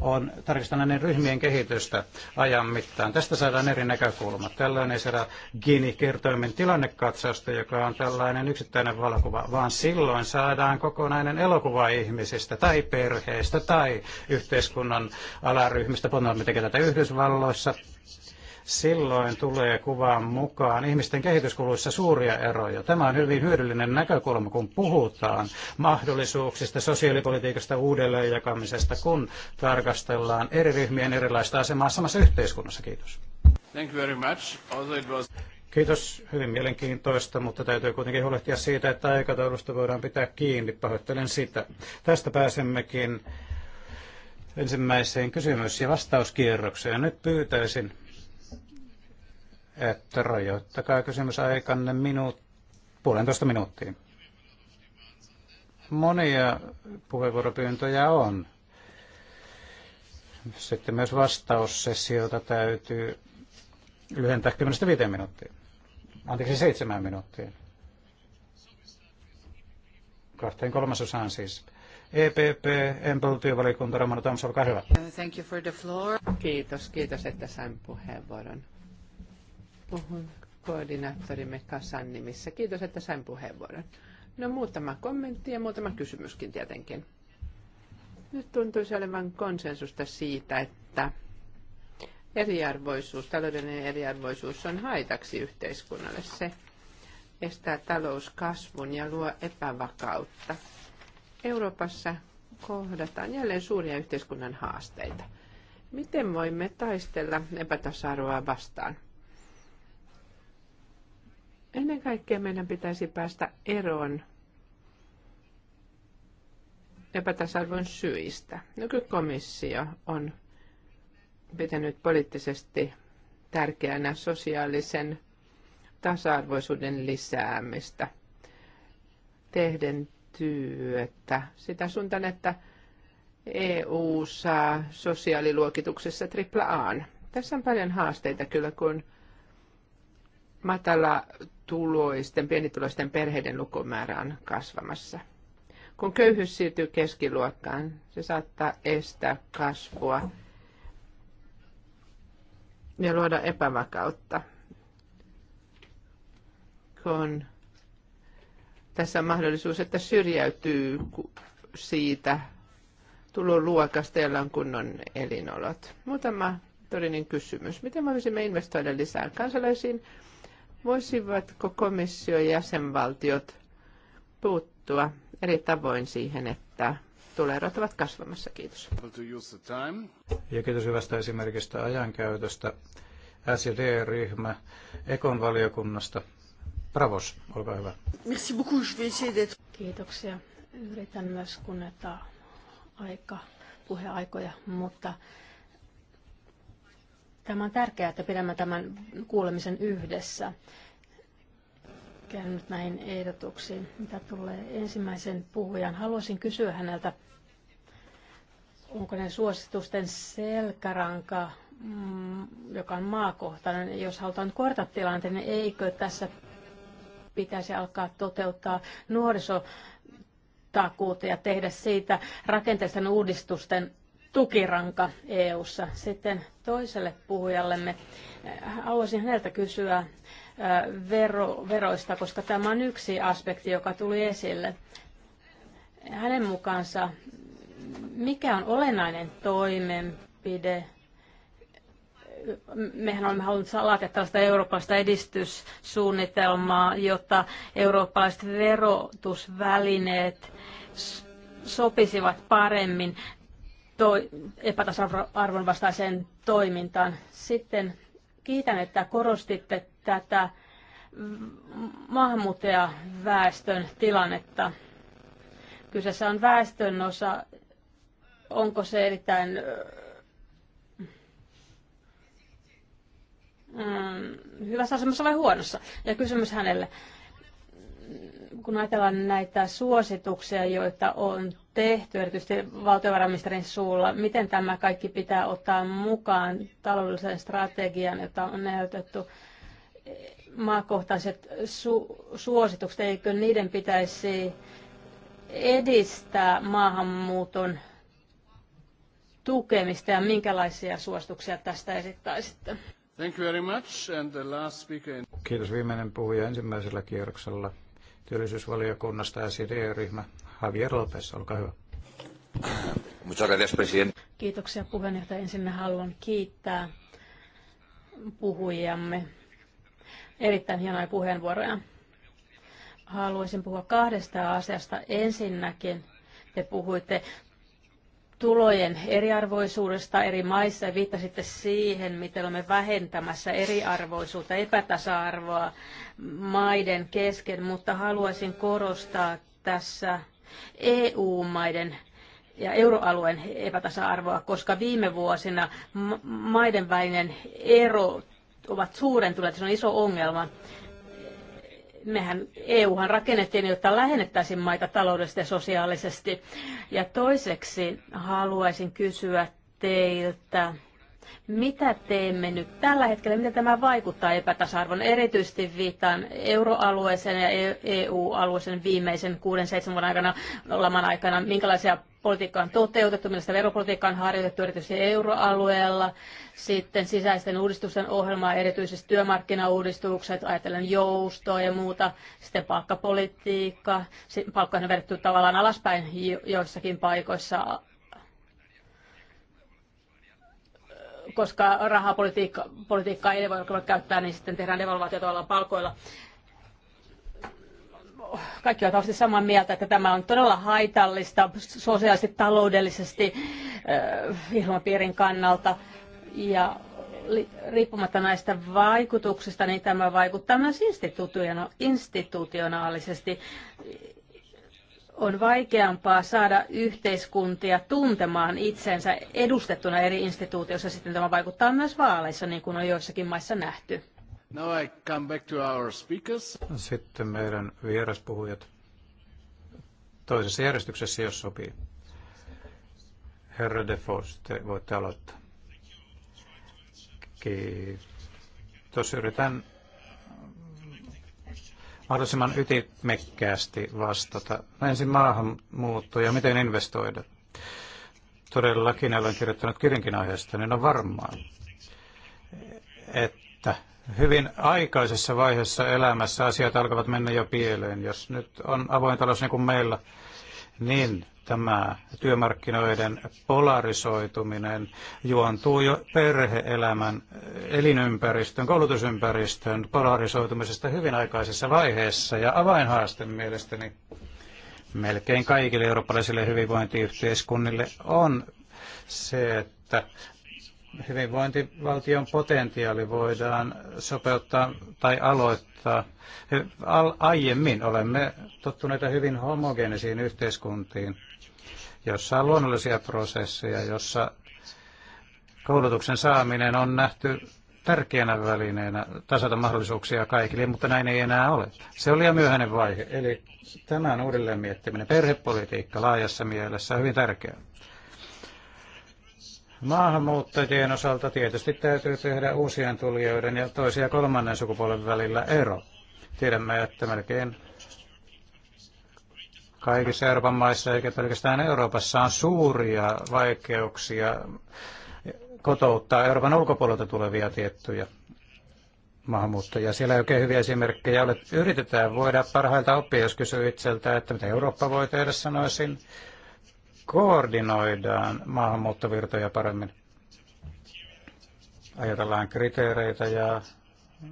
on tarkastella näiden ryhmien kehitystä ajan mittaan. Tästä saadaan eri näkökulmat. Tällöin ei saada Gini-kertoimen tilannekatsausta, joka on tällainen yksittäinen valokuva, vaan silloin saadaan kokonainen elokuva ihmisistä tai perheistä tai yhteiskunnan alaryhmistä. Ponnoimme tekee tätä Yhdysvalloissa, silloin tulee kuvan mukaan ihmisten kehityskuluissa suuria eroja. Tämä on hyvin hyödyllinen näkökulma, kun puhutaan mahdollisuuksista, sosiaalipolitiikasta, uudelleenjakamisesta, kun tarkastellaan eri ryhmien erilaista asemaa samassa yhteiskunnassa. Kiitos. Thank you very much. Also it was... Kiitos, hyvin mielenkiintoista, mutta täytyy kuitenkin huolehtia siitä, että aikataulusta voidaan pitää kiinni. Pahoittelen sitä. Tästä pääsemmekin ensimmäiseen kysymys- ja vastauskierrokseen. Nyt pyytäisin että rajoittakaa kysymys aikanne minuut, puolentoista minuuttiin. Monia puheenvuoropyyntöjä on. Sitten myös vastaussessiota täytyy lyhentää 10-5 minuuttiin. Anteeksi, 7 minuuttiin. Kahteen kolmasosaan siis. EPP, empel Ramona Tomsa, olkaa hyvä. Thank you for the floor. Kiitos, kiitos, että sain puheenvuoron puhun koordinaattorimme Kasan nimissä. Kiitos, että sain puheenvuoron. No muutama kommentti ja muutama kysymyskin tietenkin. Nyt tuntuisi olevan konsensusta siitä, että eriarvoisuus, taloudellinen eriarvoisuus on haitaksi yhteiskunnalle. Se estää talouskasvun ja luo epävakautta. Euroopassa kohdataan jälleen suuria yhteiskunnan haasteita. Miten voimme taistella epätasa-arvoa vastaan? Ennen kaikkea meidän pitäisi päästä eroon epätasarvon syistä. Nykykomissio on pitänyt poliittisesti tärkeänä sosiaalisen tasa-arvoisuuden lisäämistä, tehden työtä sitä suuntaan, että EU saa sosiaaliluokituksessa AAA. Tässä on paljon haasteita kyllä, kun matala tuloisten, pienituloisten perheiden lukumäärä on kasvamassa. Kun köyhyys siirtyy keskiluokkaan, se saattaa estää kasvua ja luoda epävakautta. Kun tässä on mahdollisuus, että syrjäytyy siitä tuloluokasta, jolla on kunnon elinolot. Muutama todellinen kysymys. Miten voisimme investoida lisää kansalaisiin? Voisivatko komissio ja jäsenvaltiot puuttua eri tavoin siihen, että tuloerot ovat kasvamassa? Kiitos. Ja kiitos hyvästä esimerkistä ajankäytöstä. SED-ryhmä Ekon valiokunnasta. Bravos, olkaa hyvä. Merci beaucoup, je vais Kiitoksia. Yritän myös kunnettaa aika, puheaikoja, mutta Tämä on tärkeää, että pidämme tämän kuulemisen yhdessä. Käyn nyt näihin ehdotuksiin, mitä tulee ensimmäisen puhujan. Haluaisin kysyä häneltä, onko ne suositusten selkäranka, mm, joka on maakohtainen. Jos halutaan korta tilanteen, niin eikö tässä pitäisi alkaa toteuttaa nuorisotakuuta ja tehdä siitä rakenteellisten uudistusten tukiranka EU:ssa. Sitten toiselle puhujallemme äh, haluaisin häneltä kysyä äh, vero, veroista, koska tämä on yksi aspekti, joka tuli esille. Hänen mukaansa, mikä on olennainen toimenpide, mehän olemme halunneet laatia tällaista eurooppalaista edistyssuunnitelmaa, jotta eurooppalaiset verotusvälineet sopisivat paremmin toi, epätasa-arvon vastaiseen toimintaan. Sitten kiitän, että korostitte tätä maahanmuuttajaväestön tilannetta. Kyseessä on väestön osa, onko se erittäin mm, hyvässä asemassa vai huonossa? Ja kysymys hänelle kun ajatellaan näitä suosituksia, joita on tehty, erityisesti valtiovarainministerin suulla, miten tämä kaikki pitää ottaa mukaan taloudelliseen strategiaan, jota on näytetty maakohtaiset su- suositukset, eikö niiden pitäisi edistää maahanmuuton tukemista ja minkälaisia suosituksia tästä esittäisitte? Thank you very much. And the last speaker... Kiitos viimeinen puhuja ensimmäisellä kierroksella työllisyysvaliokunnasta ja cde ryhmä Javier Lopes, olkaa hyvä. Kiitoksia puheenjohtaja. Ensin haluan kiittää puhujiamme. Erittäin hienoja puheenvuoroja. Haluaisin puhua kahdesta asiasta. Ensinnäkin te puhuitte tulojen eriarvoisuudesta eri maissa ja viittasitte siihen, miten olemme vähentämässä eriarvoisuutta, epätasa-arvoa maiden kesken, mutta haluaisin korostaa tässä EU-maiden ja euroalueen epätasa-arvoa, koska viime vuosina maiden välinen ero ovat suurentuneet, se on iso ongelma mehän EUhan rakennettiin, jotta lähennettäisiin maita taloudellisesti ja sosiaalisesti. Ja toiseksi haluaisin kysyä teiltä, mitä teemme nyt tällä hetkellä, miten tämä vaikuttaa epätasa-arvon? Erityisesti viittaan euroalueeseen ja e- EU-alueeseen viimeisen 6-7 vuoden aikana, laman aikana, minkälaisia politiikka on toteutettu, millaista veropolitiikka on harjoitettu erityisesti euroalueella. Sitten sisäisten uudistusten ohjelmaa, erityisesti työmarkkinauudistukset, ajatellen joustoa ja muuta. Sitten palkkapolitiikka, palkkoja on vedetty tavallaan alaspäin joissakin paikoissa koska rahapolitiikkaa ei voi käyttää, niin sitten tehdään devalvaatio tavallaan palkoilla kaikki ovat vahvasti samaa mieltä, että tämä on todella haitallista sosiaalisesti, taloudellisesti, äh, ilmapiirin kannalta. Ja riippumatta näistä vaikutuksista, niin tämä vaikuttaa myös institutionaalisesti. On vaikeampaa saada yhteiskuntia tuntemaan itsensä edustettuna eri instituutioissa. Sitten tämä vaikuttaa myös vaaleissa, niin kuin on joissakin maissa nähty. Now I come back to our speakers. Sitten meidän vieraspuhujat toisessa järjestyksessä, jos sopii. Herra Defos, te voitte aloittaa. Kiitos. Yritän mahdollisimman ytimekkäästi vastata. Ensin maahanmuutto ja miten investoida. Todellakin olen kirjoittanut kirjankin aiheesta, niin on varmaa, että hyvin aikaisessa vaiheessa elämässä asiat alkavat mennä jo pieleen. Jos nyt on avoin talous niin kuin meillä, niin tämä työmarkkinoiden polarisoituminen juontuu jo perheelämän, elinympäristön, koulutusympäristön polarisoitumisesta hyvin aikaisessa vaiheessa. Ja avainhaaste mielestäni melkein kaikille eurooppalaisille hyvinvointiyhteiskunnille on se, että hyvinvointivaltion potentiaali voidaan sopeuttaa tai aloittaa. Aiemmin olemme tottuneita hyvin homogeenisiin yhteiskuntiin, jossa on luonnollisia prosesseja, jossa koulutuksen saaminen on nähty tärkeänä välineenä tasata mahdollisuuksia kaikille, mutta näin ei enää ole. Se oli jo myöhäinen vaihe, eli tämän uudelleen miettiminen, perhepolitiikka laajassa mielessä on hyvin tärkeää. Maahanmuuttajien osalta tietysti täytyy tehdä uusien tulijoiden ja toisia kolmannen sukupolven välillä ero. Tiedämme, että melkein kaikissa Euroopan maissa eikä pelkästään Euroopassa on suuria vaikeuksia kotouttaa Euroopan ulkopuolelta tulevia tiettyjä maahanmuuttajia. Siellä ei oikein hyviä esimerkkejä ole. Yritetään voida parhailta oppia, jos kysyy itseltä, että mitä Eurooppa voi tehdä, sanoisin, koordinoidaan maahanmuuttovirtoja paremmin. Ajatellaan kriteereitä ja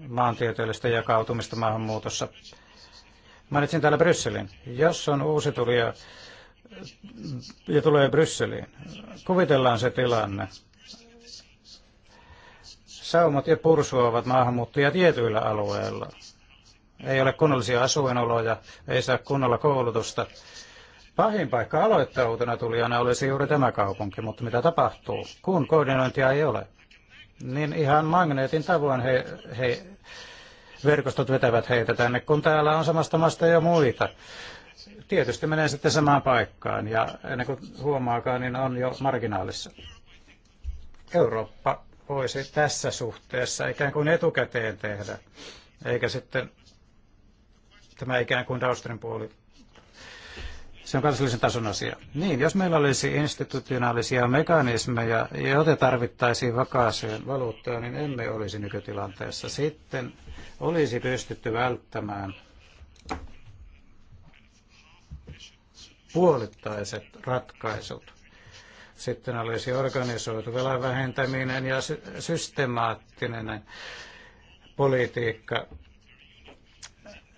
maantieteellistä jakautumista maahanmuutossa. Mainitsin täällä Brysselin. Jos on uusi tulija ja tulee Brysseliin, kuvitellaan se tilanne. Saumat ja pursuavat maahanmuuttajia tietyillä alueilla. Ei ole kunnollisia asuinoloja, ei saa kunnolla koulutusta Pahin paikka aloittaa uutena tulijana olisi juuri tämä kaupunki, mutta mitä tapahtuu, kun koordinointia ei ole? Niin ihan magneetin tavoin he, he verkostot vetävät heitä tänne, kun täällä on samasta maasta jo muita. Tietysti menee sitten samaan paikkaan ja ennen kuin huomaakaan, niin on jo marginaalissa. Eurooppa voisi tässä suhteessa ikään kuin etukäteen tehdä, eikä sitten tämä ikään kuin Daustrin puoli se on kansallisen tason asia. Niin, jos meillä olisi institutionaalisia mekanismeja, joita tarvittaisiin vakaaseen valuuttaan, niin emme olisi nykytilanteessa. Sitten olisi pystytty välttämään puolittaiset ratkaisut. Sitten olisi organisoitu velan vähentäminen ja systemaattinen politiikka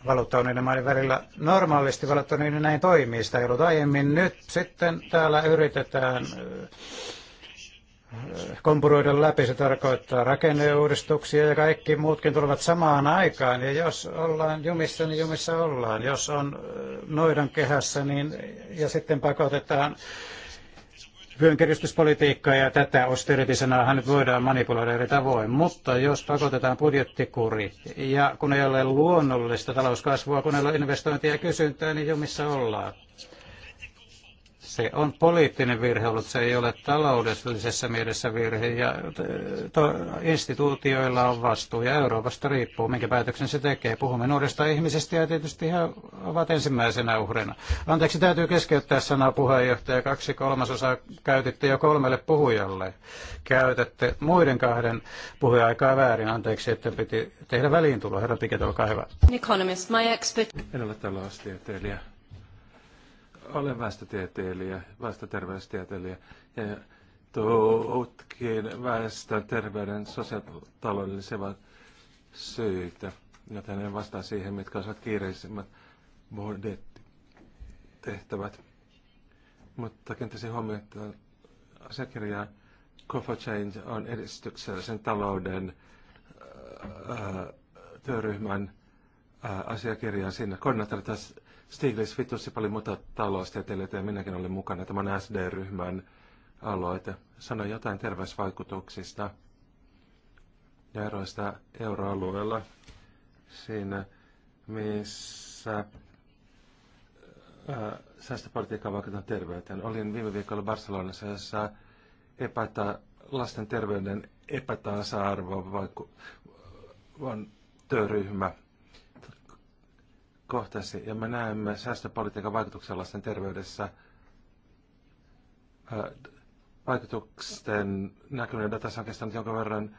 valuuttaunioiden maiden välillä. Normaalisti valuuttaunioni näin toimii, sitä ei ollut aiemmin. Nyt sitten täällä yritetään kompuroida läpi. Se tarkoittaa rakenneuudistuksia ja kaikki muutkin tulevat samaan aikaan. Ja jos ollaan jumissa, niin jumissa ollaan. Jos on noidan kehässä niin, ja sitten pakotetaan vyönkiristyspolitiikkaa ja tätä austerity-sanaahan nyt voidaan manipuloida eri tavoin, mutta jos pakotetaan budjettikuri ja kun ei ole luonnollista talouskasvua, kun ei ole investointia ja kysyntää, niin jumissa ollaan. Se on poliittinen virhe ollut, se ei ole taloudellisessa mielessä virhe. Ja äh, to, instituutioilla on vastuu ja Euroopasta riippuu, minkä päätöksen se tekee. Puhumme nuorista ihmisistä ja tietysti he ovat ensimmäisenä uhrina. Anteeksi, täytyy keskeyttää sanaa puheenjohtaja. Kaksi kolmasosaa käytitte jo kolmelle puhujalle. Käytätte muiden kahden puheaikaa väärin. Anteeksi, että piti tehdä väliintulo. Herra Piket, olkaa hyvä. Economist, my expert. En ole taloustieteilijä olen väestötieteilijä, väestöterveystieteilijä ja tutkin väestöterveyden terveyden sosiaalitaloudellisia syitä, joten en vastaa siihen, mitkä ovat kiireisimmät tehtävät. Mutta kenties huomioon, että asiakirja Coffee Change on edistyksellisen talouden ää, äh, äh, työryhmän ää, äh, asiakirja. Siinä tässä Stiglitz vitusi paljon muuta taloustieteilijöitä ja minäkin olin mukana tämän SD-ryhmän aloite. Sano jotain terveysvaikutuksista ja eroista euroalueella siinä, missä äh, säästöpolitiikkaa vaikutetaan terveyteen. Olin viime viikolla Barcelonassa, jossa epätä, lasten terveyden epätasa-arvo vaiku- on työryhmä – kohtasi. Ja me näemme säästöpolitiikan vaikutuksella sen terveydessä vaikutusten näkyminen datassa on kestänyt jonkin verran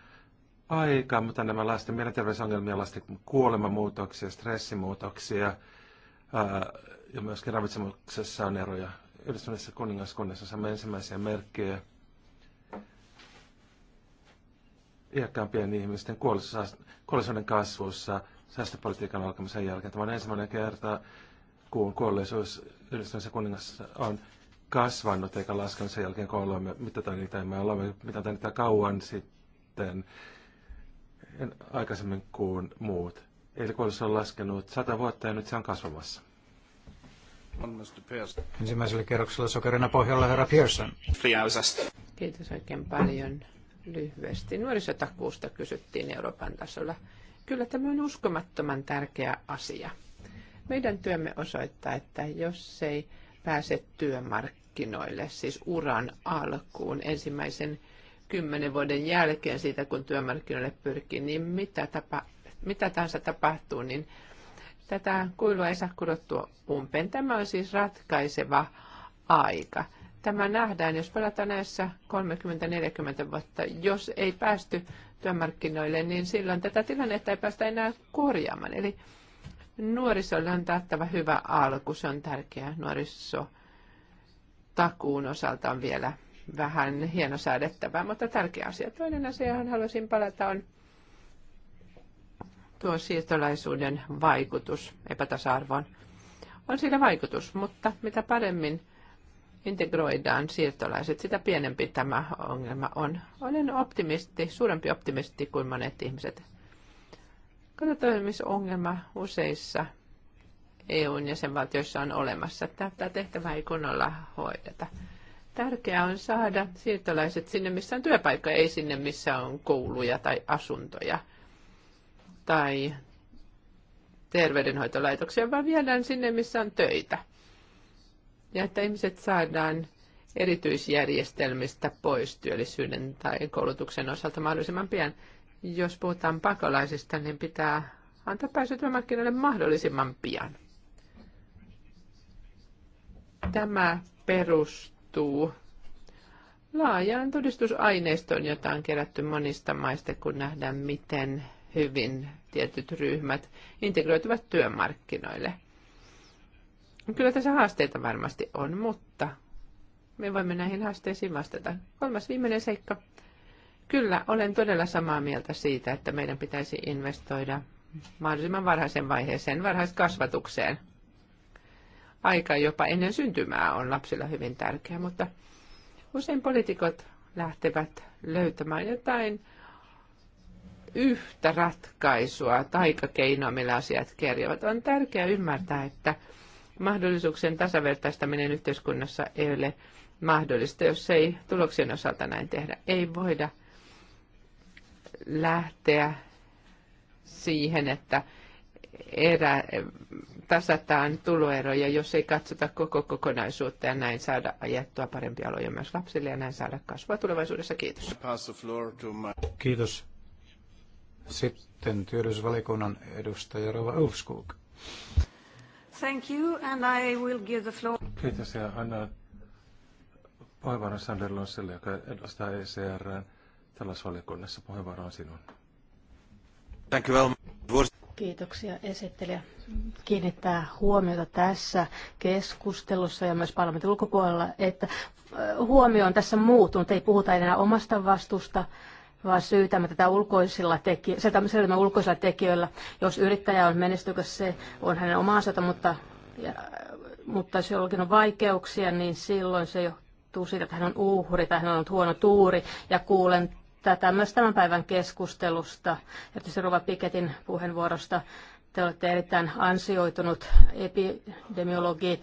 aikaa, mutta nämä lasten mielenterveysongelmia, lasten kuolemamuutoksia, stressimuutoksia ää, ja myöskin ravitsemuksessa on eroja. Yhdistyneessä kuningaskunnassa saamme ensimmäisiä merkkejä iäkkäämpien ihmisten kuolisuuden kasvussa, säästöpolitiikan alkamisen jälkeen. Tämä on ensimmäinen kerta, kun kuolleisuus yhdistyneessä kuningassa on kasvanut eikä laskenut sen jälkeen, kun olemme, mitä tai niitä me olemme, mitä tai niitä kauan sitten aikaisemmin kuin muut. Eli kuolleisuus on laskenut sata vuotta ja nyt se on kasvamassa. Ensimmäisellä kerroksella sokerina pohjalla herra Pearson. Kiitos oikein paljon lyhyesti. Nuorisotakuusta kysyttiin Euroopan tasolla. Kyllä tämä on uskomattoman tärkeä asia. Meidän työmme osoittaa, että jos ei pääse työmarkkinoille, siis uran alkuun ensimmäisen kymmenen vuoden jälkeen siitä, kun työmarkkinoille pyrkii, niin mitä, tapa, mitä tahansa tapahtuu, niin tätä kuilua ei saa kudottua umpeen. Tämä on siis ratkaiseva aika. Tämä nähdään, jos palataan näissä 30-40 vuotta, jos ei päästy työmarkkinoille, niin silloin tätä tilannetta ei päästä enää korjaamaan. Eli nuorisolle on taattava hyvä alku, se on tärkeää. Nuorisotakuun osalta on vielä vähän hieno säädettävää, mutta tärkeä asia. Toinen asia, johon haluaisin palata, on tuo siirtolaisuuden vaikutus epätasa-arvoon. On sillä vaikutus, mutta mitä paremmin integroidaan siirtolaiset, sitä pienempi tämä ongelma on. Olen optimisti, suurempi optimisti kuin monet ihmiset. Kotoutumisongelma useissa EUn jäsenvaltioissa on olemassa. Tätä tehtävää ei kunnolla hoideta. Tärkeää on saada siirtolaiset sinne, missä on työpaikka, ei sinne, missä on kouluja tai asuntoja tai terveydenhoitolaitoksia, vaan viedään sinne, missä on töitä ja että ihmiset saadaan erityisjärjestelmistä pois työllisyyden tai koulutuksen osalta mahdollisimman pian. Jos puhutaan pakolaisista, niin pitää antaa pääsy työmarkkinoille mahdollisimman pian. Tämä perustuu laajaan todistusaineistoon, jota on kerätty monista maista, kun nähdään, miten hyvin tietyt ryhmät integroituvat työmarkkinoille – Kyllä tässä haasteita varmasti on, mutta me voimme näihin haasteisiin vastata. Kolmas viimeinen seikka. Kyllä, olen todella samaa mieltä siitä, että meidän pitäisi investoida mahdollisimman varhaisen vaiheeseen, varhaiskasvatukseen. Aika jopa ennen syntymää on lapsilla hyvin tärkeä, mutta usein poliitikot lähtevät löytämään jotain yhtä ratkaisua, taikakeinoa, millä asiat kerjovat. On tärkeää ymmärtää, että Mahdollisuuksien tasavertaistaminen yhteiskunnassa ei ole mahdollista, jos ei tuloksien osalta näin tehdä. Ei voida lähteä siihen, että erä, tasataan tuloeroja, jos ei katsota koko kokonaisuutta ja näin saada ajettua parempia aloja myös lapsille ja näin saada kasvua tulevaisuudessa. Kiitos. Kiitos. Sitten työllisyysvalikunnan edustaja Rova Ulfskog. Thank you, and I will give the floor. Kiitos ja annan puheenvuoron Sander Lonselle, joka edustaa ECR talousvaliokunnassa. Puheenvuoro on sinun. Thank you Kiitoksia esittelijä. Kiinnittää huomiota tässä keskustelussa ja myös parlamentin ulkopuolella, että huomio on tässä muuttunut. Ei puhuta enää omasta vastuusta, vaan syytämme tätä ulkoisilla, teki- syytämme ulkoisilla tekijöillä. Jos yrittäjä on menestykäs, se on hänen omaa asiansa, mutta, ja, mutta jos jollakin on vaikeuksia, niin silloin se johtuu siitä, että hän on uhri tai hän on ollut huono tuuri. Ja kuulen tätä myös tämän päivän keskustelusta, se Rova Piketin puheenvuorosta. Te olette erittäin ansioitunut epidemiologi.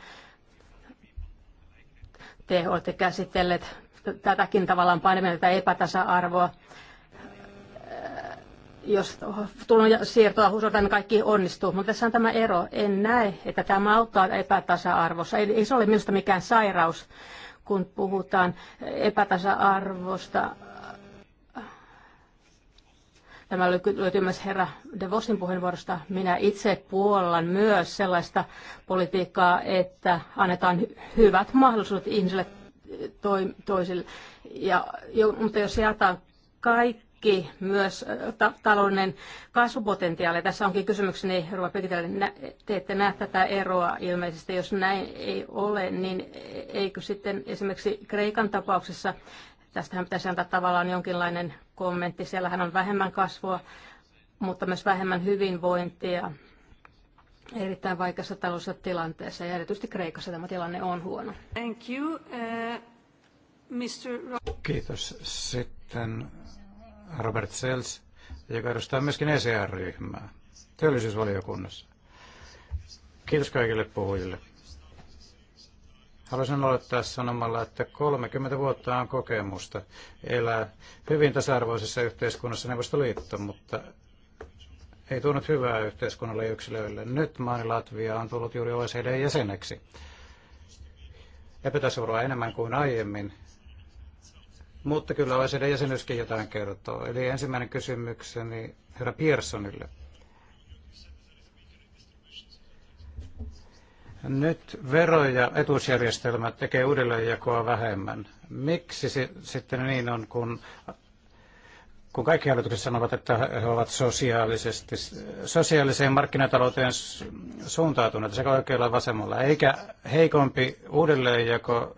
Te olette käsitelleet tätäkin tavallaan painaminen tätä epätasa-arvoa jos tulon siirtoa husolta, niin kaikki onnistuu. Mutta tässä on tämä ero. En näe, että tämä auttaa epätasa-arvossa. Ei, ei se ole minusta mikään sairaus, kun puhutaan epätasa-arvosta. Tämä löytyy myös herra Devosin puheenvuorosta. Minä itse puollan myös sellaista politiikkaa, että annetaan hyvät mahdollisuudet ihmisille toisille. Ja, mutta jos jaetaan kaikki riski, myös ta- taloudellinen kasvupotentiaali. Tässä onkin kysymykseni, Rova Pekitelle, te ette näe tätä eroa ilmeisesti. Jos näin ei ole, niin eikö sitten esimerkiksi Kreikan tapauksessa, tästähän pitäisi antaa tavallaan jonkinlainen kommentti, siellähän on vähemmän kasvua, mutta myös vähemmän hyvinvointia erittäin vaikeassa taloudellisessa tilanteessa ja erityisesti Kreikassa tämä tilanne on huono. Thank you. Uh, Mr. Kiitos. Sitten Robert Sells, joka edustaa myöskin ECR-ryhmää työllisyysvaliokunnassa. Kiitos kaikille puhujille. Haluaisin aloittaa sanomalla, että 30 vuotta on kokemusta elää hyvin tasa-arvoisessa yhteiskunnassa Neuvostoliitto, mutta ei tuonut hyvää yhteiskunnalle ja yksilöille. Nyt maani Latvia on tullut juuri OECD jäseneksi. Epätasa-arvoa enemmän kuin aiemmin mutta kyllä OECD jäsenyyskin jotain kertoo. Eli ensimmäinen kysymykseni herra Pearsonille. Nyt vero- ja etuusjärjestelmät tekee uudelleenjakoa vähemmän. Miksi se sitten niin on, kun kun kaikki hallitukset sanovat, että he ovat sosiaalisesti, sosiaaliseen markkinatalouteen suuntautuneita sekä oikealla että vasemmalla, eikä heikompi uudelleenjako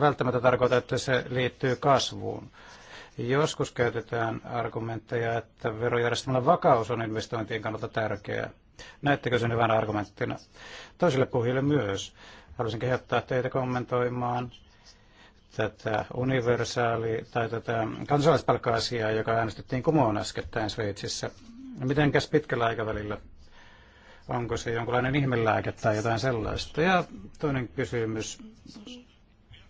välttämättä tarkoita, että se liittyy kasvuun. Joskus käytetään argumentteja, että verojärjestelmän vakaus on investointien kannalta tärkeää. Näettekö sen hyvänä argumenttina? Toisille puhujille myös. Haluaisin kehottaa teitä kommentoimaan tätä universaali- tai tätä kansalaispalkka-asiaa, joka äänestettiin kumoon äskettäin Sveitsissä. Mitenkäs pitkällä aikavälillä? Onko se jonkinlainen ihmelääke tai jotain sellaista? Ja toinen kysymys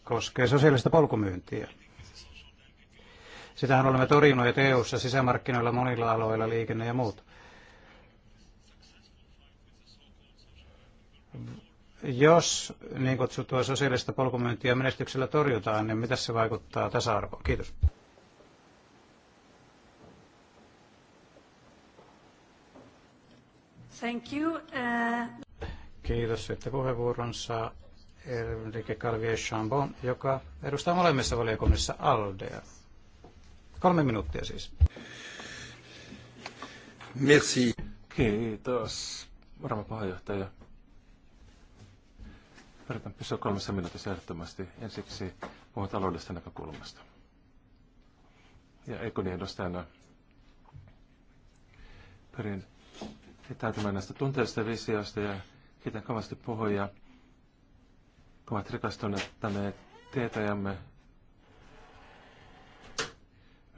koskee sosiaalista polkumyyntiä. Sitähän olemme torjuneet EU-ssa sisämarkkinoilla monilla aloilla, liikenne ja muut. Jos niin kutsutua sosiaalista polkumyyntiä menestyksellä torjutaan, niin mitä se vaikuttaa tasa-arvoon? Kiitos. Thank you. Uh... Kiitos, että puheenvuoron saa Enrique Calvier Chambon, joka edustaa molemmissa valiokunnissa Aldea. Kolme minuuttia siis. Merci. Kiitos, varma puheenjohtaja. Yritän pysyä kolmessa minuutissa ehdottomasti. Ensiksi puhun taloudellisesta näkökulmasta. Ja Ekonin edustajana pyrin hitäytymään näistä tunteellisista visioista ja kiitän kovasti puhujia, kun ovat rikastuneet tänne tietäjämme.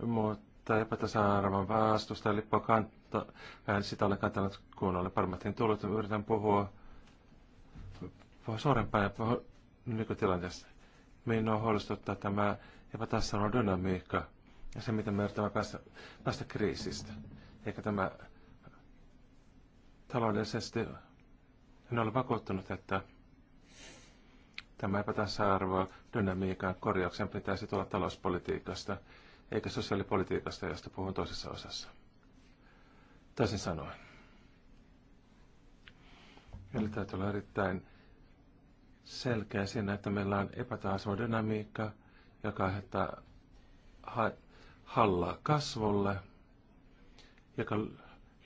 Mutta epätasa-arvon vastusta lippua kanta, en sitä ole kantanut, kun olen parlamentin tullut. Yritän puhua puhua suorempaan ja puhua nykytilanteesta. Minua huolestuttaa tämä epätasa dynamiikka ja se, miten me yritämme päästä, päästä kriisistä. Eikä tämä taloudellisesti, en ole vakuuttunut, että tämä epätasa arvoa dynamiikan korjauksen pitäisi tulla talouspolitiikasta, eikä sosiaalipolitiikasta, josta puhun toisessa osassa. Toisin sanoen. Eli täytyy olla erittäin selkeä siinä, että meillä on epätasodynamiikka, joka aiheuttaa ha- hallaa kasvulle, joka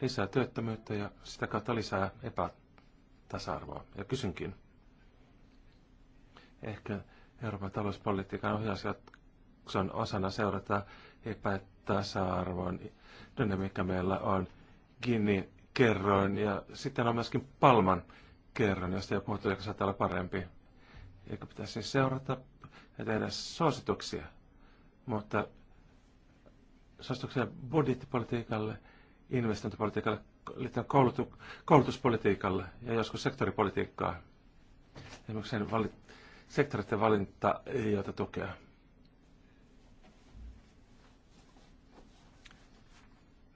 lisää työttömyyttä ja sitä kautta lisää epätasa-arvoa. Ja kysynkin, ehkä Euroopan talouspolitiikan ohjausjakson osana seurata epätasa-arvon dynamiikka meillä on Gini kerroin ja sitten on myöskin Palman kerran jos joku muuttuu, joka saattaa olla parempi. Eikö pitäisi siis seurata ja tehdä suosituksia, mutta suosituksia budjettipolitiikalle, investointipolitiikalle, liittyen koulutu, koulutuspolitiikalle ja joskus sektoripolitiikkaa. Esimerkiksi sen valit, sektoreiden valinta ei ota tukea.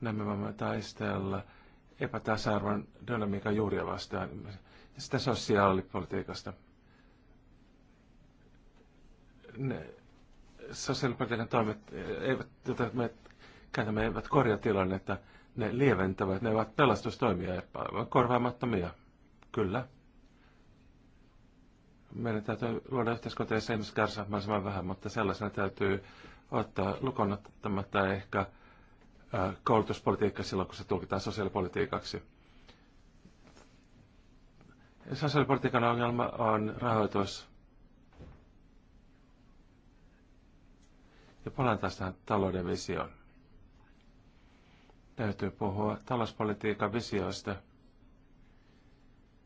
Näin me voimme taistella epätasa-arvon dynamiikan juuria vastaan sitä sosiaalipolitiikasta. Ne sosiaalipolitiikan toimet, eivät, joita me käytämme, eivät korjaa tilannetta. Ne lieventävät, ne ovat pelastustoimia ja korvaamattomia. Kyllä. Meidän täytyy luoda yhteiskunta, jossa ihmiset kärsivät mahdollisimman vähän, mutta sellaisena täytyy ottaa lukonottamatta ehkä koulutuspolitiikka silloin, kun se tulkitaan sosiaalipolitiikaksi Sosiaalipolitiikan ongelma on rahoitus. Ja palaan taas tähän talouden visioon. Täytyy puhua talouspolitiikan visioista,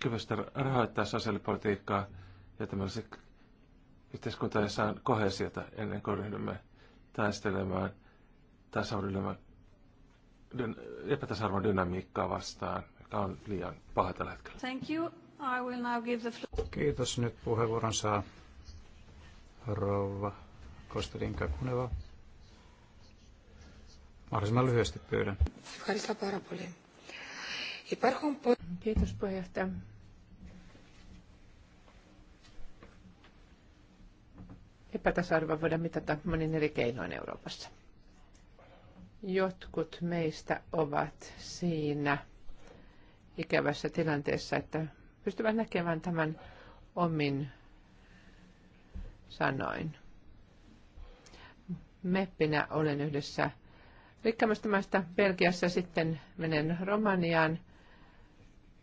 kyvystä rahoittaa sosiaalipolitiikkaa ja tämmöisen yhteiskuntaa, jossa on kohesiota ennen kuin ryhdymme taistelemaan epätasarvon dynamiikkaa vastaan, joka on liian paha tällä hetkellä. Thank you. I will now give the floor. Kiitos. Nyt puheenvuoron saa rouva Kostelinka Kuneva. Mahdollisimman lyhyesti pyydän. Kiitos puheenjohtaja. Epätasa-arvoa voidaan mitata monin eri keinoin Euroopassa. Jotkut meistä ovat siinä ikävässä tilanteessa, että pystyvät näkemään tämän omin sanoin. Meppinä olen yhdessä rikkaimmasta Belgiassa, sitten menen Romaniaan.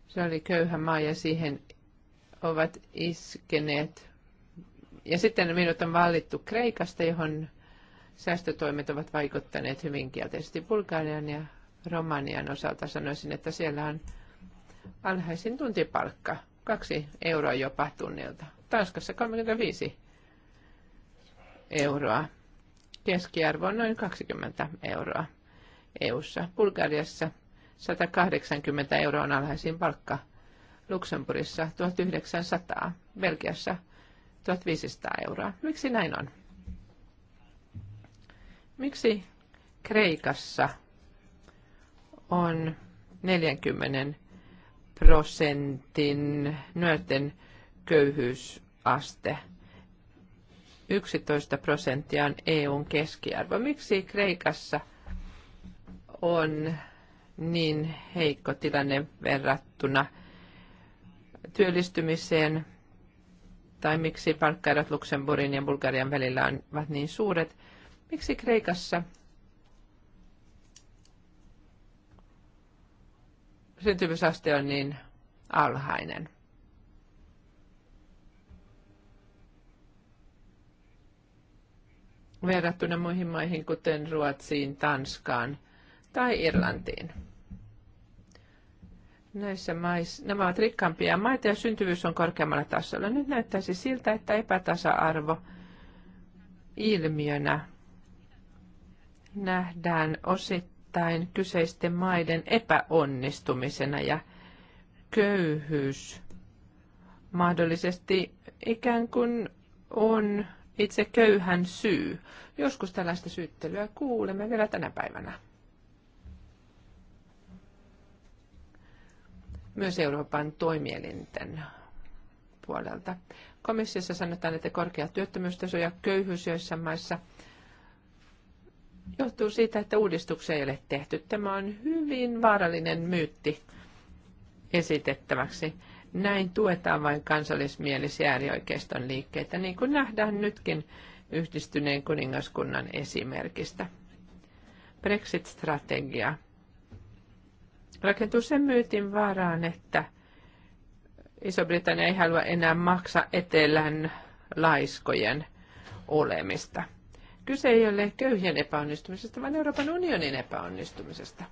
Se oli köyhä maa ja siihen ovat iskeneet. Ja sitten minut on valittu Kreikasta, johon säästötoimet ovat vaikuttaneet hyvin kielteisesti Bulgarian ja Romanian osalta. Sanoisin, että siellä on alhaisin tuntipalkka, kaksi euroa jopa tunnilta. Tanskassa 35 euroa. Keskiarvo on noin 20 euroa EU:ssa. Bulgariassa 180 euroa on alhaisin palkka. Luxemburgissa 1900, Belgiassa 1500 euroa. Miksi näin on? Miksi Kreikassa on 40 prosentin nuorten köyhyysaste. 11 prosenttia on EUn keskiarvo. Miksi Kreikassa on niin heikko tilanne verrattuna työllistymiseen, tai miksi palkkaerot Luxemburgin ja Bulgarian välillä ovat niin suuret, miksi Kreikassa syntyvyysaste on niin alhainen. verrattuna muihin maihin, kuten Ruotsiin, Tanskaan tai Irlantiin. Näissä mais, nämä ovat rikkaampia maita ja syntyvyys on korkeammalla tasolla. Nyt näyttäisi siltä, että epätasa-arvo ilmiönä nähdään osittain nimittäin kyseisten maiden epäonnistumisena ja köyhyys mahdollisesti ikään kuin on itse köyhän syy. Joskus tällaista syyttelyä kuulemme vielä tänä päivänä. Myös Euroopan toimielinten puolelta. Komissiossa sanotaan, että korkea työttömyystaso ja köyhyys joissain maissa – johtuu siitä, että uudistuksia ei ole tehty. Tämä on hyvin vaarallinen myytti esitettäväksi. Näin tuetaan vain kansallismielisiä äärioikeiston liikkeitä, niin kuin nähdään nytkin yhdistyneen kuningaskunnan esimerkistä. Brexit-strategia rakentuu sen myytin varaan, että Iso-Britannia ei halua enää maksa etelän laiskojen olemista – Kyse ei ole köyhien epäonnistumisesta, vaan Euroopan unionin epäonnistumisesta.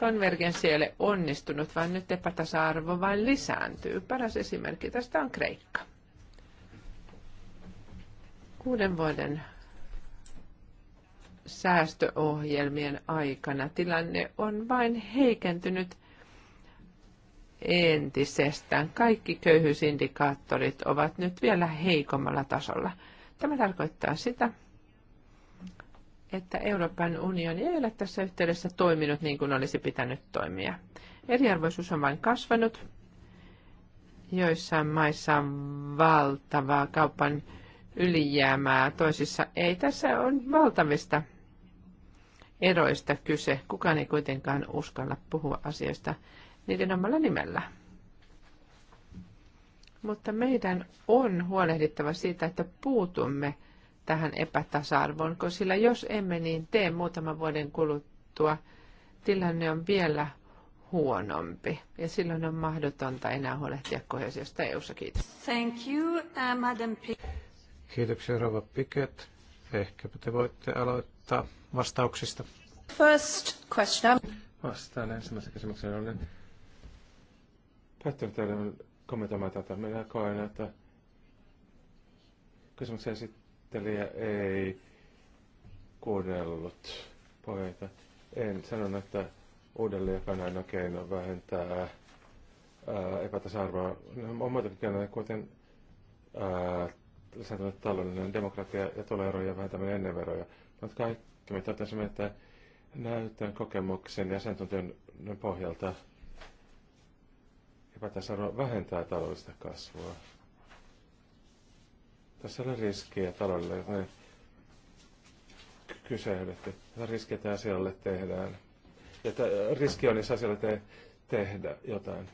Konvergenssi ei ole onnistunut, vaan nyt epätasa-arvo vain lisääntyy. Paras esimerkki tästä on Kreikka. Kuuden vuoden säästöohjelmien aikana tilanne on vain heikentynyt entisestään. Kaikki köyhyysindikaattorit ovat nyt vielä heikommalla tasolla – Tämä tarkoittaa sitä, että Euroopan unioni ei ole tässä yhteydessä toiminut niin kuin olisi pitänyt toimia. Eriarvoisuus on vain kasvanut. Joissain maissa on valtavaa kaupan ylijäämää, toisissa ei. Tässä on valtavista eroista kyse. Kukaan ei kuitenkaan uskalla puhua asioista niiden omalla nimellä mutta meidän on huolehdittava siitä, että puutumme tähän epätasa-arvoon, sillä jos emme niin tee muutaman vuoden kuluttua, tilanne on vielä huonompi. Ja silloin on mahdotonta enää huolehtia kohesiosta EU-ssa. Kiitos. Thank you, uh, Madam P- Kiitoksia, Rova Piket. Ehkäpä te voitte aloittaa vastauksista. First question. Vastaan ensimmäisen kysymyksen. Olen päättänyt, että kommentoimaan tätä. Minä koen, että kysymyksen esittelijä ei kuunnellut puheita. En sanonut, että uudelleen on keino vähentää epätasa-arvoa. No, on muitakin keinoja, kuten ää, lisääntynyt taloudellinen demokratia ja toleroja vähentäminen ennen veroja. Mutta kaikki me totesimme, että näytön kokemuksen ja asiantuntijan pohjalta – ylipäätään sanoa vähentää taloudellista kasvua. Tässä on riskejä taloudelle. Me kyseilette. Riskejä asialle tehdään. Ja riski on, jos asialle te- tehdä jotain.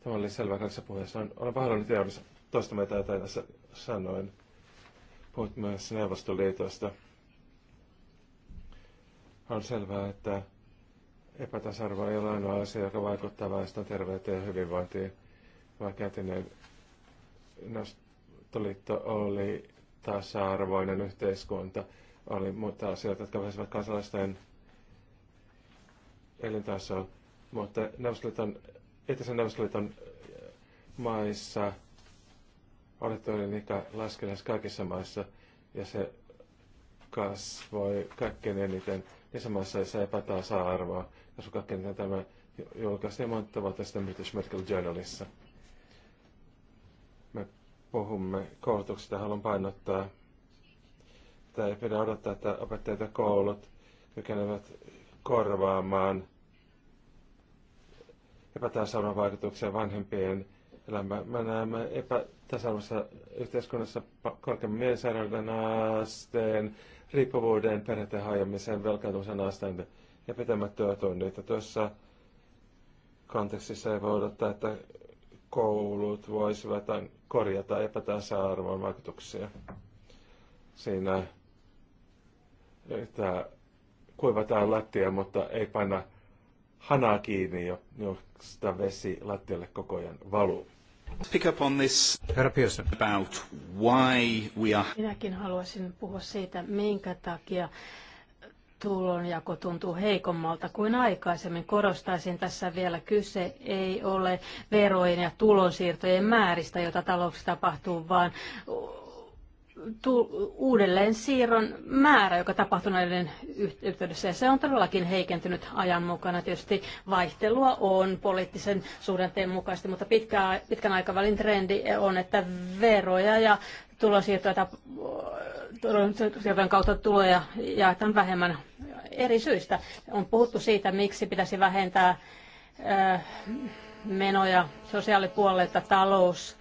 Tämä oli selvä kahdessa puheessa. Olen pahoillani teoriassa toista mitä jotain tässä sanoin. Puhut myös Neuvostoliitosta. On selvää, että epätasarvo ei ole ainoa asia, joka vaikuttaa väestön terveyteen ja hyvinvointiin, Vaikka käytännön Nostoliitto oli tasa-arvoinen yhteiskunta, oli muita asioita, jotka vähäisivät kansalaisten elintasoa, mutta Neuvostoliiton, Itäisen Neuvostoliiton maissa toinen ikä laski kaikissa maissa ja se kasvoi kaikkein eniten – jäsenmaissa, saa epätasa-arvoa. Niin ja sukakken tämä julkaistiin mainittava tästä British Medical Journalissa. Me puhumme koulutuksesta, haluan painottaa, Tämä ei pidä odottaa, että opettajat ja koulut kykenevät korvaamaan epätasa-arvon vaikutuksia vanhempien elämään. Me näemme epätasa arvossa yhteiskunnassa korkeamman mielisairauden asteen, riippuvuuden, perheiden hajoamisen, velkaantumisen asteen ja pitämättöä tunnit. Tuossa kontekstissa ei voi odottaa, että koulut voisivat korjata epätasa-arvon vaikutuksia. Siinä että kuivataan lattia, mutta ei panna hanaa kiinni, josta vesi lattialle koko ajan valuu. Pick up on this Herra Pearson. About why we are... Minäkin haluaisin puhua siitä, minkä takia tulonjako tuntuu heikommalta kuin aikaisemmin. Korostaisin tässä vielä, kyse ei ole verojen ja tulonsiirtojen määristä, jota talouksissa tapahtuu, vaan uudelleen siirron määrä, joka tapahtui näiden yhteydessä, ja se on todellakin heikentynyt ajan mukana. Tietysti vaihtelua on poliittisen suhdanteen mukaisesti, mutta pitkä, pitkän aikavälin trendi on, että veroja ja tulosiirtoja kautta tuloja jaetaan vähemmän eri syistä. On puhuttu siitä, miksi pitäisi vähentää menoja sosiaalipuolelta, talous,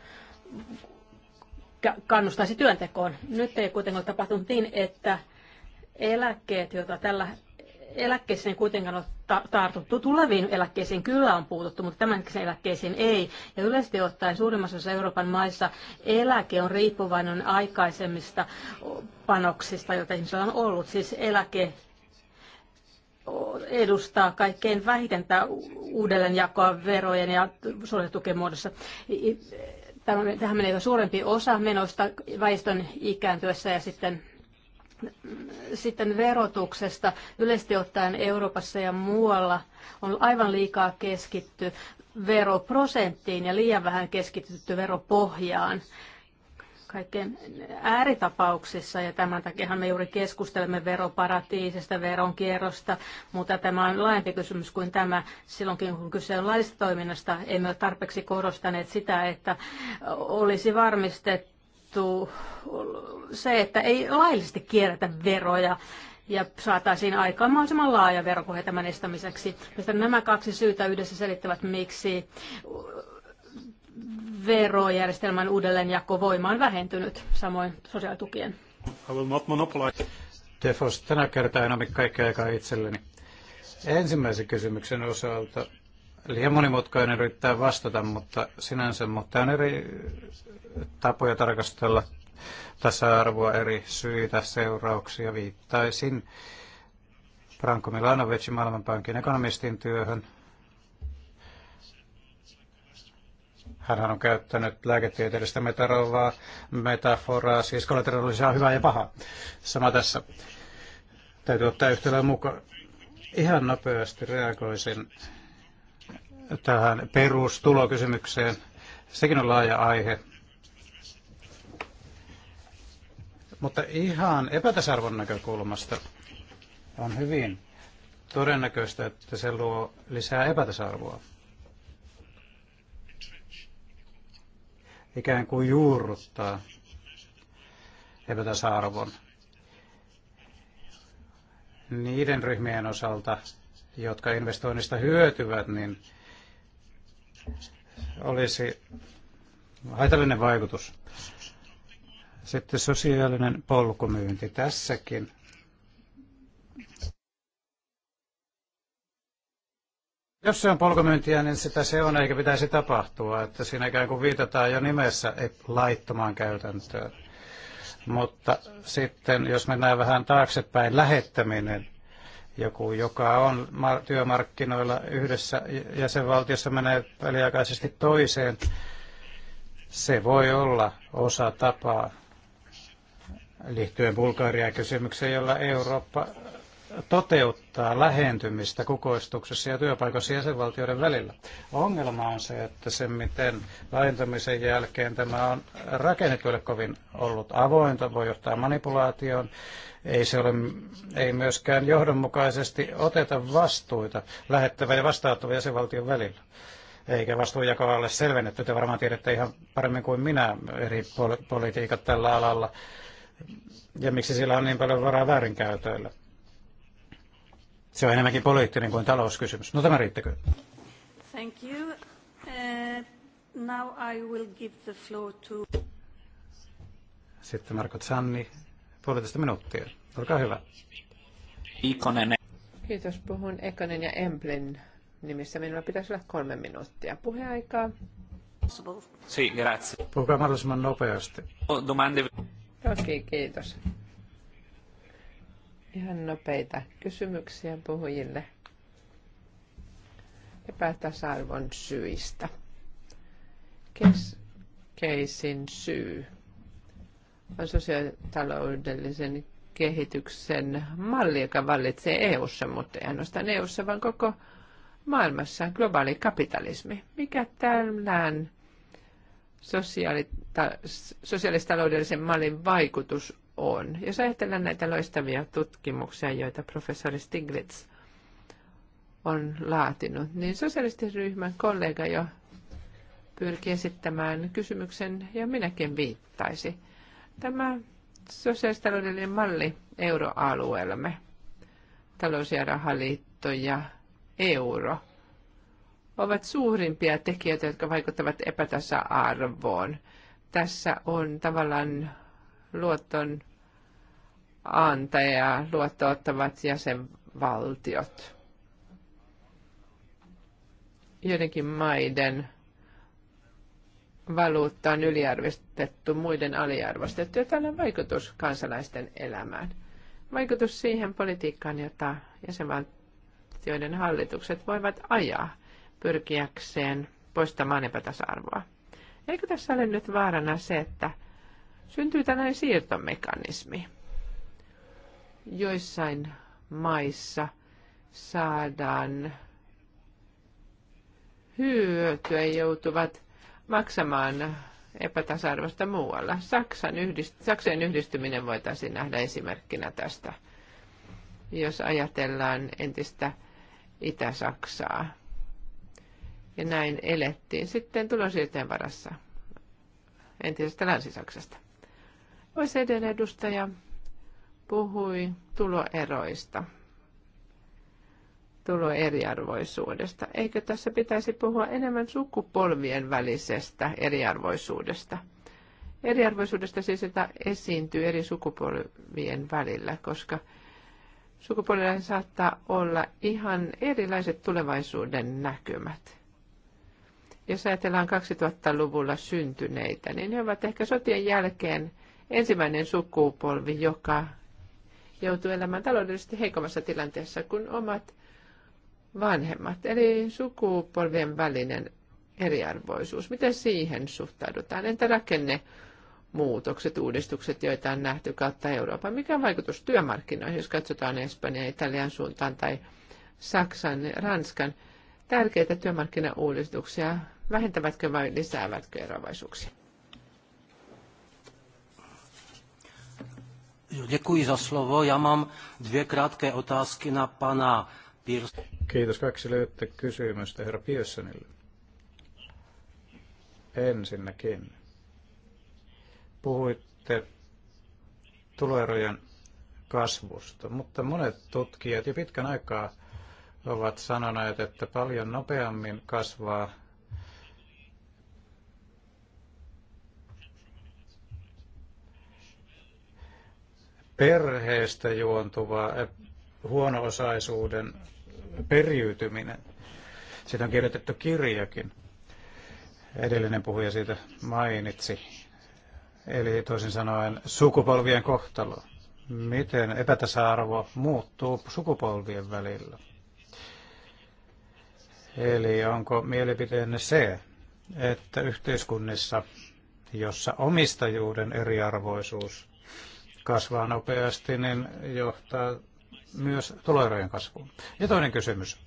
kannustaisi työntekoon. Nyt ei kuitenkaan ole tapahtunut niin, että eläkkeet, joita tällä eläkkeeseen kuitenkaan on tartuttu. Tuleviin eläkkeisiin kyllä on puututtu, mutta tämänkin eläkkeisiin ei. Ja yleisesti ottaen suurimmassa osassa Euroopan maissa eläke on riippuvainen aikaisemmista panoksista, joita ihmisillä on ollut. Siis eläke edustaa kaikkein vähiten uudelleen verojen ja sosiaalitukien muodossa. Tämä, tähän menee suurempi osa menoista väestön ikääntyessä ja sitten sitten verotuksesta yleisesti ottaen Euroopassa ja muualla on aivan liikaa keskitty veroprosenttiin ja liian vähän keskitytty veropohjaan kaikkein ääritapauksissa, ja tämän takia me juuri keskustelemme veroparatiisista, veronkierrosta, mutta tämä on laajempi kysymys kuin tämä. Silloinkin kun kyse on laista toiminnasta, emme ole tarpeeksi korostaneet sitä, että olisi varmistettu se, että ei laillisesti kierretä veroja, ja saataisiin aikaan mahdollisimman laaja veropohja tämän estämiseksi. Mistä nämä kaksi syytä yhdessä selittävät, miksi verojärjestelmän uudelleenjakovoima on vähentynyt, samoin sosiaalitukien. I will not monopolize. Defos, tänä kertaa en omi kaikkea aikaa itselleni. Ensimmäisen kysymyksen osalta liian monimutkainen yrittää vastata, mutta sinänsä, mutta on eri tapoja tarkastella tasa-arvoa, eri syitä, seurauksia. Viittaisin Franko Milanovicin maailmanpankin ekonomistin työhön, hän on käyttänyt lääketieteellistä metaforaa, metaforaa, siis kollateraalisia hyvää ja pahaa Sama tässä. Täytyy ottaa yhtälö mukaan. Ihan nopeasti reagoisin tähän perustulokysymykseen. Sekin on laaja aihe. Mutta ihan epätasarvon näkökulmasta on hyvin todennäköistä, että se luo lisää epätasarvoa. ikään kuin juurruttaa epätasa-arvon niiden ryhmien osalta, jotka investoinnista hyötyvät, niin olisi haitallinen vaikutus. Sitten sosiaalinen polkumyynti tässäkin. Jos se on polkumyyntiä, niin sitä se on eikä pitäisi tapahtua, että siinä ikään kuin viitataan jo nimessä laittomaan käytäntöön. Mutta sitten jos mennään vähän taaksepäin, lähettäminen, joku, joka on työmarkkinoilla yhdessä jäsenvaltiossa menee väliaikaisesti toiseen, se voi olla osa tapaa liittyen bulgaria kysymykseen, jolla Eurooppa toteuttaa lähentymistä kukoistuksessa ja työpaikoissa jäsenvaltioiden välillä. Ongelma on se, että se miten laajentamisen jälkeen tämä on rakennetyölle kovin ollut avointa, voi johtaa manipulaatioon, ei, se ole, ei myöskään johdonmukaisesti oteta vastuita lähettävä ja vastaanottava jäsenvaltion välillä. Eikä vastuunjakoa ole selvennetty. Te varmaan tiedätte ihan paremmin kuin minä eri poli- politiikat tällä alalla ja miksi sillä on niin paljon varaa väärinkäytöillä. Se on enemmänkin poliittinen kuin talouskysymys. No tämä riittäkö? Thank you. Uh, now I will give the floor to... Sitten Marko Zanni, puolitoista minuuttia. Olkaa hyvä. Ikonen. Kiitos. Puhun Ekonen ja Emblin nimissä. Minulla pitäisi olla kolme minuuttia puheaikaa. Sì, grazie. Puhukaa mahdollisimman nopeasti. Oh, domande. Toki, kiitos. Ihan nopeita kysymyksiä puhujille epätasa-arvon syistä. Keskeisin syy on sosiaalitaloudellisen kehityksen malli, joka vallitsee EU-ssa, mutta ei ainoastaan EU-ssa, vaan koko maailmassa globaali kapitalismi. Mikä tämän sosiaali- sosiaalistaloudellisen mallin vaikutus on. Jos ajatellaan näitä loistavia tutkimuksia, joita professori Stiglitz on laatinut, niin ryhmän kollega jo pyrkii esittämään kysymyksen, ja minäkin viittaisi. Tämä sosiaalistaloudellinen malli euroalueellamme, talous- ja rahaliitto ja euro, ovat suurimpia tekijöitä, jotka vaikuttavat epätasa-arvoon. Tässä on tavallaan luoton antajaa luottoottavat jäsenvaltiot. Joidenkin maiden valuutta on yliarvostettu, muiden aliarvostettu, ja tällä on vaikutus kansalaisten elämään. Vaikutus siihen politiikkaan, jota jäsenvaltioiden hallitukset voivat ajaa pyrkiäkseen poistamaan epätasa-arvoa. Eikö tässä ole nyt vaarana se, että syntyy tällainen siirtomekanismi? Joissain maissa saadaan hyötyä joutuvat maksamaan epätasa-arvosta muualla. Saksan yhdist- Saksan yhdistyminen voitaisiin nähdä esimerkkinä tästä, jos ajatellaan entistä Itä-Saksaa. Ja näin elettiin sitten tulonsiirteen varassa entisestä Länsi-Saksasta. OECD-edustaja puhui tuloeroista, tuloeriarvoisuudesta. Eikö tässä pitäisi puhua enemmän sukupolvien välisestä eriarvoisuudesta? Eriarvoisuudesta siis, että esiintyy eri sukupolvien välillä, koska sukupolvilla saattaa olla ihan erilaiset tulevaisuuden näkymät. Jos ajatellaan 2000-luvulla syntyneitä, niin he ovat ehkä sotien jälkeen ensimmäinen sukupolvi, joka joutuu elämään taloudellisesti heikommassa tilanteessa kuin omat vanhemmat, eli sukupolvien välinen eriarvoisuus. Miten siihen suhtaudutaan? Entä rakenne muutokset, uudistukset, joita on nähty kautta Euroopan? Mikä on vaikutus työmarkkinoihin, jos katsotaan Espanjan, Italian suuntaan tai Saksan, Ranskan? Tärkeitä työmarkkinauudistuksia, vähentävätkö vai lisäävätkö eroavaisuuksia? No, děkuji za slovo. Já mám dvě krátké otázky na pana Kiitos. Kaksi lyhyttä kysymystä herra Piersonille. Ensinnäkin. Puhuitte tuloerojen kasvusta, mutta monet tutkijat jo pitkän aikaa ovat sanoneet, että paljon nopeammin kasvaa perheestä juontuva huono-osaisuuden periytyminen. Siitä on kirjoitettu kirjakin. Edellinen puhuja siitä mainitsi. Eli toisin sanoen sukupolvien kohtalo. Miten epätasa-arvo muuttuu sukupolvien välillä? Eli onko mielipiteenne se, että yhteiskunnissa, jossa omistajuuden eriarvoisuus kasvaa nopeasti, niin johtaa myös tuloerojen kasvuun. Ja toinen kysymys.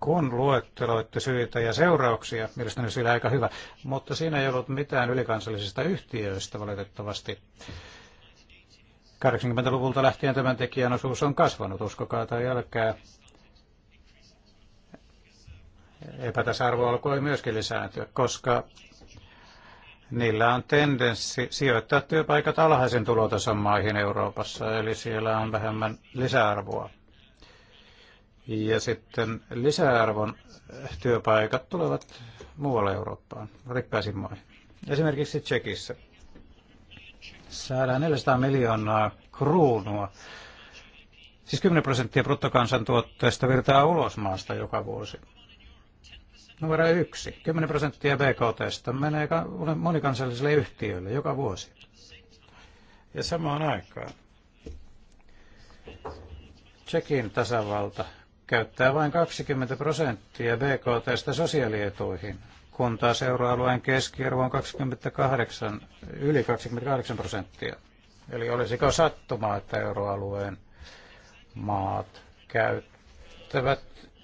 Kun luetteloitte syitä ja seurauksia, mielestäni sillä aika hyvä, mutta siinä ei ollut mitään ylikansallisista yhtiöistä valitettavasti. 80-luvulta lähtien tämän tekijän osuus on kasvanut, uskokaa tai jälkää. Epätasa-arvo alkoi myöskin lisääntyä, koska niillä on tendenssi sijoittaa työpaikat alhaisen tulotason maihin Euroopassa, eli siellä on vähemmän lisäarvoa. Ja sitten lisäarvon työpaikat tulevat muualle Eurooppaan, rikkaisiin maihin. Esimerkiksi Tsekissä saadaan 400 miljoonaa kruunua, siis 10 prosenttia bruttokansantuotteesta virtaa ulos maasta joka vuosi. Numero yksi. 10 prosenttia BKTstä menee monikansallisille yhtiöille joka vuosi. Ja samaan aikaan Tsekin tasavalta käyttää vain 20 prosenttia BKTstä sosiaalietuihin, kun taas euroalueen keskiarvo on 28, yli 28 prosenttia. Eli olisiko sattumaa, että euroalueen maat käyttävät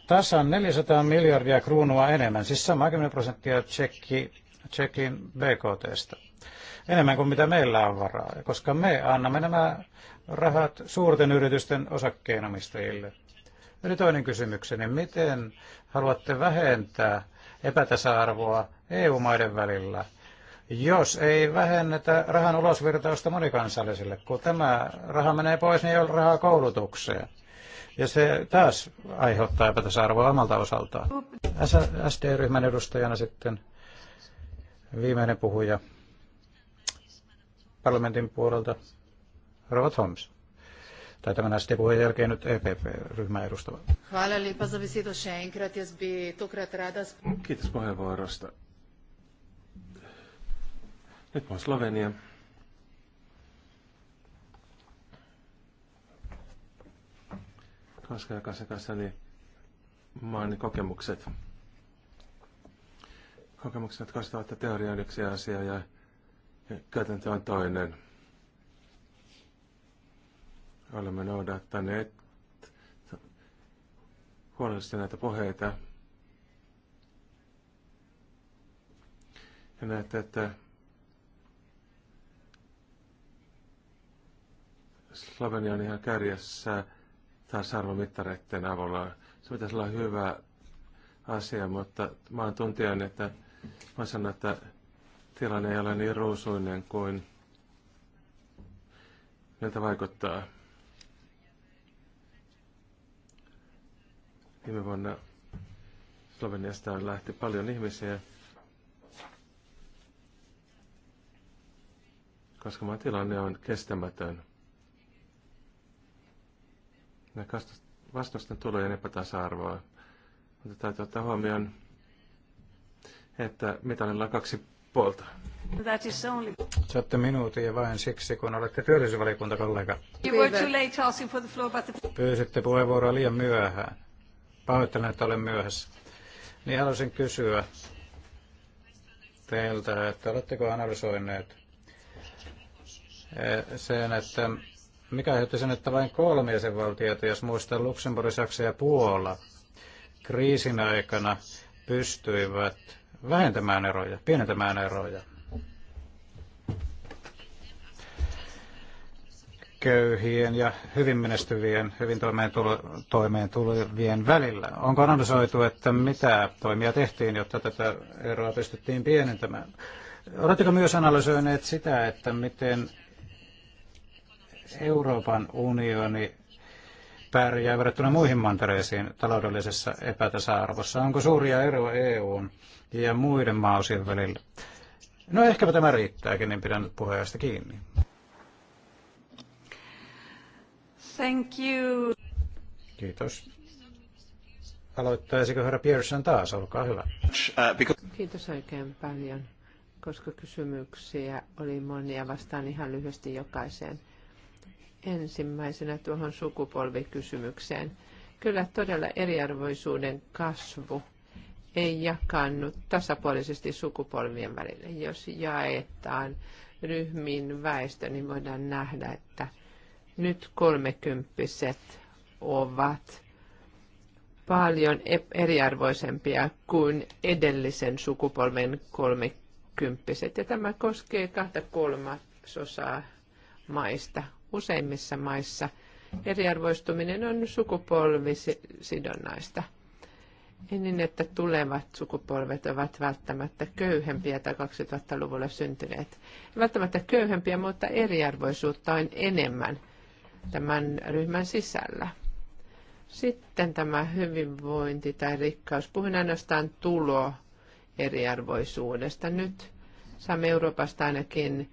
tasan 400 miljardia kruunua enemmän, siis sama 10 prosenttia tsekki, Tsekin BKTstä. Enemmän kuin mitä meillä on varaa, koska me annamme nämä rahat suurten yritysten osakkeenomistajille. Eli toinen kysymykseni, miten haluatte vähentää epätasa-arvoa EU-maiden välillä, jos ei vähennetä rahan ulosvirtausta monikansallisille? Kun tämä raha menee pois, niin ei ole rahaa koulutukseen ja se taas aiheuttaa epätasa-arvoa omalta osaltaan. SD-ryhmän edustajana sitten viimeinen puhuja parlamentin puolelta, Robert Holmes. Tai tämän SD-puheen jälkeen nyt EPP-ryhmän edustava. Kiitos puheenvuorosta. Nyt on Slovenia. koska jokaisen kanssa niin maani kokemukset. Kokemukset, jotka koskevat, että teoria on yksi asia ja, ja käytäntö on toinen. Olemme noudattaneet huolellisesti näitä puheita. Ja näette, että Slovenia on ihan kärjessä tasa-arvomittareiden avulla. Se pitäisi olla hyvä asia, mutta mä oon tuntijan, että mä sanon, että tilanne ei ole niin ruusuinen kuin miltä vaikuttaa. Viime vuonna Sloveniasta on lähti paljon ihmisiä, koska tilanne on kestämätön minä tulojen epätasa-arvoa. Mutta täytyy ottaa huomioon, että mitalilla on kaksi puolta. That is only... Saatte minuutin vain siksi, kun olette työllisyysvaliokuntakollega. Pyysitte puheenvuoroa liian myöhään. Pahoittelen, että olen myöhässä. Niin haluaisin kysyä teiltä, että oletteko analysoineet eh, sen, että mikä aiheutti sen, että vain kolme jäsenvaltiota, jos muistan Luxemburg, Saksa ja Puola, kriisin aikana pystyivät vähentämään eroja, pienentämään eroja. köyhien ja hyvin menestyvien, hyvin toimeentulevien välillä. Onko analysoitu, että mitä toimia tehtiin, jotta tätä eroa pystyttiin pienentämään? Oletteko myös analysoineet sitä, että miten Euroopan unioni pärjää verrattuna muihin mantereisiin taloudellisessa epätasa-arvossa? Onko suuria eroja EUn ja muiden maaosien välillä? No ehkäpä tämä riittääkin, niin pidän puheesta kiinni. Thank you. Kiitos. Aloittaisiko herra Pearson taas? Olkaa hyvä. Kiitos oikein paljon, koska kysymyksiä oli monia. Vastaan ihan lyhyesti jokaiseen ensimmäisenä tuohon sukupolvikysymykseen. Kyllä todella eriarvoisuuden kasvu ei jakannu tasapuolisesti sukupolvien välille. Jos jaetaan ryhmiin väestö, niin voidaan nähdä, että nyt kolmekymppiset ovat paljon e- eriarvoisempia kuin edellisen sukupolven kolmekymppiset. Ja tämä koskee kahta kolmasosaa maista useimmissa maissa eriarvoistuminen on sukupolvisidonnaista. niin, että tulevat sukupolvet ovat välttämättä köyhempiä tai 2000-luvulla syntyneet. Välttämättä köyhempiä, mutta eriarvoisuutta on enemmän tämän ryhmän sisällä. Sitten tämä hyvinvointi tai rikkaus. Puhun ainoastaan tulo eriarvoisuudesta. Nyt saamme Euroopasta ainakin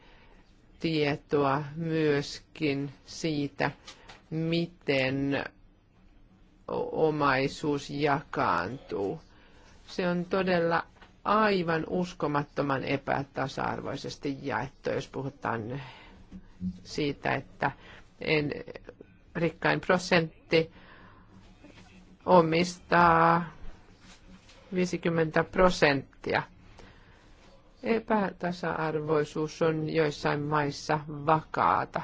tietoa myöskin siitä, miten omaisuus jakaantuu. Se on todella aivan uskomattoman epätasa-arvoisesti jaettu, jos puhutaan siitä, että en, rikkain prosentti omistaa 50 prosenttia epätasa-arvoisuus on joissain maissa vakaata.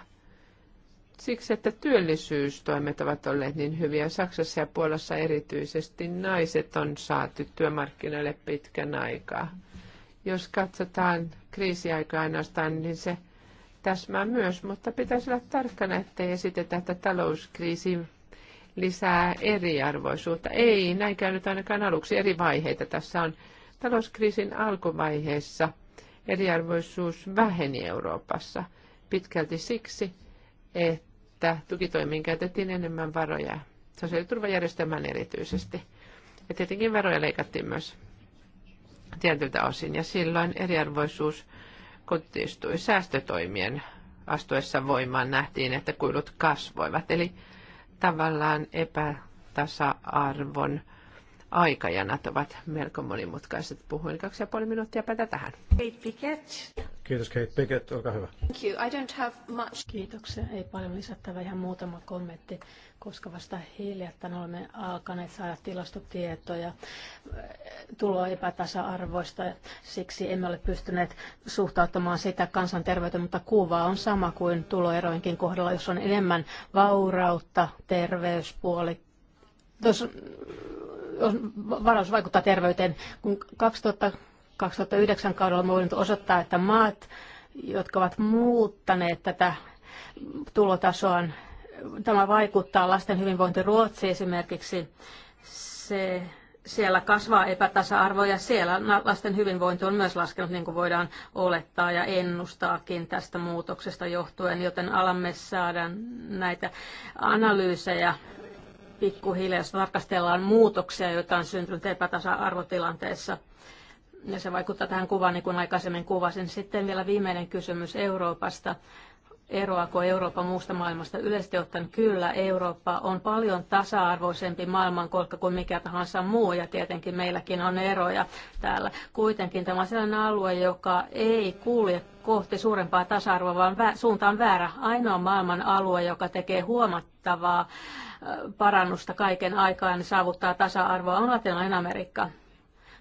Siksi, että työllisyystoimet ovat olleet niin hyviä. Saksassa ja Puolassa erityisesti naiset on saatu työmarkkinoille pitkän aikaa. Jos katsotaan kriisiaikaa ainoastaan, niin se täsmää myös, mutta pitäisi olla tarkkana, ettei esitetä, että talouskriisi lisää eriarvoisuutta. Ei, näin käynyt ainakaan aluksi eri vaiheita. Tässä on Talouskriisin alkuvaiheessa eriarvoisuus väheni Euroopassa pitkälti siksi, että tukitoimiin käytettiin enemmän varoja, sosiaaliturvajärjestelmän erityisesti. Ja tietenkin varoja leikattiin myös tietyltä osin, ja silloin eriarvoisuus kotistui säästötoimien astuessa voimaan nähtiin, että kuilut kasvoivat. Eli tavallaan epätasa-arvon aikajanat ovat melko monimutkaiset. Puhuin kaksi ja puoli minuuttia päätä tähän. Kate Pickett. Kiitos Kate Pickett, olkaa hyvä. Thank you. I don't have much. Kiitoksia, ei paljon lisättävä, ihan muutama kommentti, koska vasta hiljattain olemme alkaneet saada tilastotietoja tuloa epätasa arvoista siksi emme ole pystyneet suhtautumaan sitä kansanterveyteen, mutta kuva on sama kuin tuloerojenkin kohdalla, jos on enemmän vaurautta, terveyspuoli, jos, varaus vaikuttaa terveyteen, kun 2000, 2009 kaudella on voinut osoittaa, että maat, jotka ovat muuttaneet tätä tulotasoa, tämä vaikuttaa lasten hyvinvointi Ruotsi esimerkiksi. Se, siellä kasvaa epätasa-arvo ja siellä lasten hyvinvointi on myös laskenut, niin kuin voidaan olettaa ja ennustaakin tästä muutoksesta johtuen, joten alamme saada näitä analyysejä pikkuhiljaa, jos tarkastellaan muutoksia, joita on syntynyt epätasa-arvotilanteessa. Ja se vaikuttaa tähän kuvaan, niin kuin aikaisemmin kuvasin. Sitten vielä viimeinen kysymys Euroopasta. Eroako Eurooppa muusta maailmasta? Yleisesti ottaen kyllä, Eurooppa on paljon tasa-arvoisempi maailmankolkka kuin mikä tahansa muu, ja tietenkin meilläkin on eroja täällä. Kuitenkin tämä on sellainen alue, joka ei kulje kohti suurempaa tasa-arvoa, vaan suunta on väärä. Ainoa maailman alue, joka tekee huomattavaa parannusta kaiken aikaan niin saavuttaa tasa-arvoa on Latinalainen Amerikka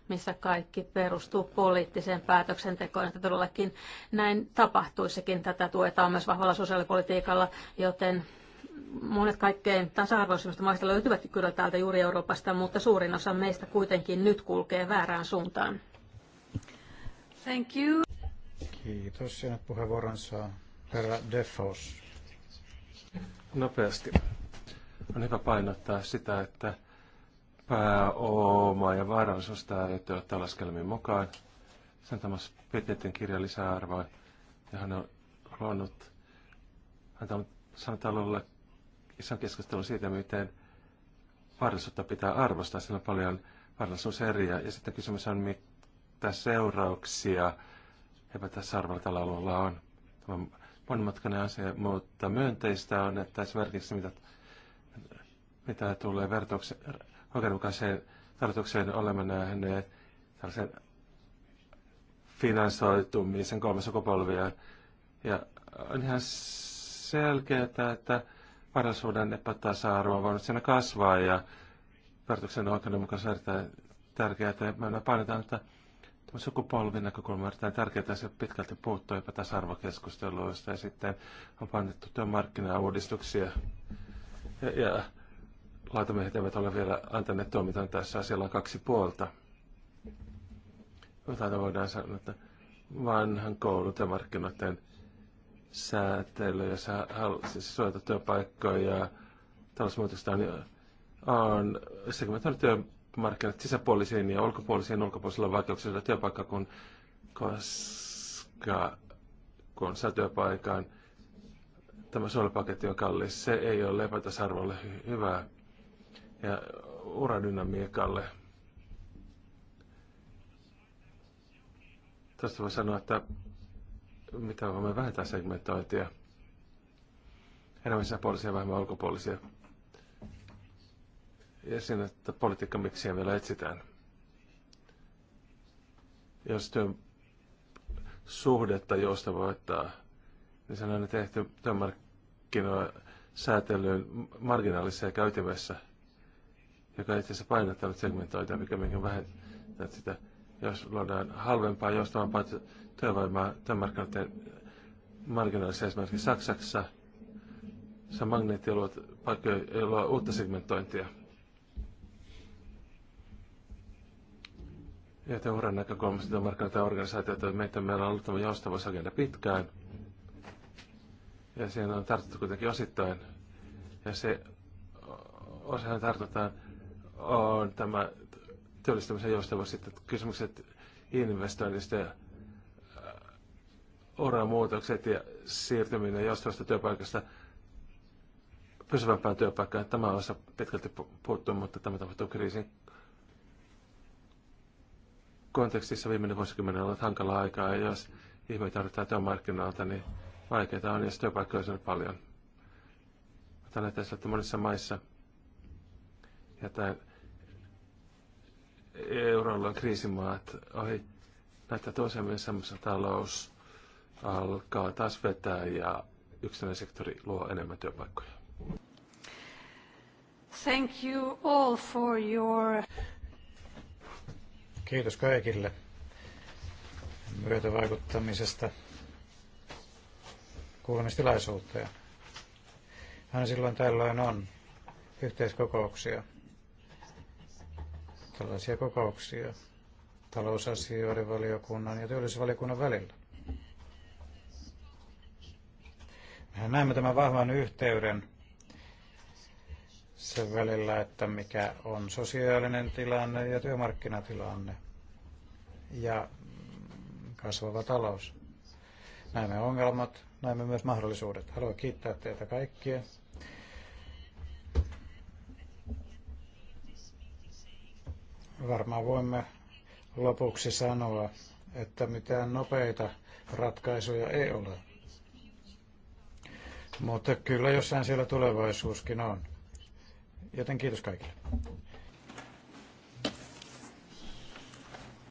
missä kaikki perustuu poliittiseen päätöksentekoon, että todellakin näin tapahtuisikin. Tätä tuetaan myös vahvalla sosiaalipolitiikalla, joten monet kaikkein tasa-arvoisimmista maista löytyvät kyllä täältä juuri Euroopasta, mutta suurin osa meistä kuitenkin nyt kulkee väärään suuntaan. Thank you. Kiitos. Ja nyt puheenvuoron saa herra Defos. Nopeasti. On hyvä painottaa sitä, että pääoma ja varallisuus täytyy ottaa laskelmiin mukaan. Sen tämä Peteten kirja lisäarvoa, ja hän on luonut, hän on saanut alulle ison keskustelun siitä, miten varallisuutta pitää arvostaa. Siinä on paljon varallisuuseriä. Ja sitten kysymys on, mitä seurauksia epätasarvalla tällä alueella on. Tämä on monimutkainen asia, mutta myönteistä on, että esimerkiksi mitä mitä tulee vertauksen oikeudenmukaiseen tarkoitukseen olemme nähneet tällaisen finansoitumisen kolme sukupolvia. Ja on ihan selkeää, että varallisuuden epätasa-arvo on voinut siinä kasvaa ja vertauksen oikeudenmukaisuus on erittäin tärkeää, että me painetaan, että tämä sukupolvin näkökulma on erittäin tärkeää, että se pitkälti puuttuu jopa arvokeskusteluista ja sitten on painettu työmarkkinauudistuksia ja, ja lautamiehet eivät ole vielä antaneet tuomitaan tässä asialla kaksi puolta. Jotain voidaan sanoa, että vanhan koulut ja markkinoiden säätely, jos siis suojata työpaikkoja, talousmuutosta on, on segmentoinut työmarkkinat sisäpuolisiin ja ulkopuolisiin ulkopuolisilla vaikeuksilla työpaikka, kun, koska kun saa työpaikan, tämä suojelupaketti on kallis, se ei ole epätasarvolle hyvää ja uradynamiikalle. Tästä voi sanoa, että mitä voimme vähentää segmentointia. Enemmän sisäpuolisia ja vähemmän ulkopuolisia. Ja siinä, että miksiä vielä etsitään. Jos työn suhdetta joustavoittaa, niin sen on tehty työmarkkinoiden säätelyyn marginaalissa ja käytävässä – joka itse asiassa painaa että segmentoita, mikä minkä vähentää sitä. Jos luodaan halvempaa, joustavampaa työvoimaa työmarkkinoiden marginaalissa esimerkiksi Saksassa, se magneetti luo, luo uutta segmentointia. Joten uran näkökulmasta työmarkkinoiden organisaatioita, meitä meillä on ollut tämä joustavuusagenda pitkään. Ja siihen on tartuttu kuitenkin osittain. Ja se osahan tartutaan on tämä työllistämisen joustavuus, sitten kysymykset investoinnista ja äh, uramuutokset ja siirtyminen joustavasta työpaikasta pysyvämpään työpaikkaan. Tämä osa pitkälti puuttuu, mutta tämä tapahtuu kriisin kontekstissa viimeinen vuosikymmenen on ollut hankalaa aikaa, ja jos ihme tarvitaan työmarkkinoilta, niin vaikeaa on, jos työpaikkoja on paljon. Tällä tässä monissa maissa, ja tämän euroalueen kriisimaat ohi. Näyttää toiseen myös talous alkaa taas vetää ja yksityinen sektori luo enemmän työpaikkoja. Thank you all for your... Kiitos kaikille myötävaikuttamisesta kuulemistilaisuuteen. Hän silloin tällöin on yhteiskokouksia tällaisia kokouksia talousasioiden valiokunnan ja työllisyysvaliokunnan välillä. Mehän näemme tämän vahvan yhteyden sen välillä, että mikä on sosiaalinen tilanne ja työmarkkinatilanne ja kasvava talous. Näemme ongelmat, näemme myös mahdollisuudet. Haluan kiittää teitä kaikkia Varmaan voimme lopuksi sanoa, että mitään nopeita ratkaisuja ei ole. Mutta kyllä jossain siellä tulevaisuuskin on. Joten kiitos kaikille.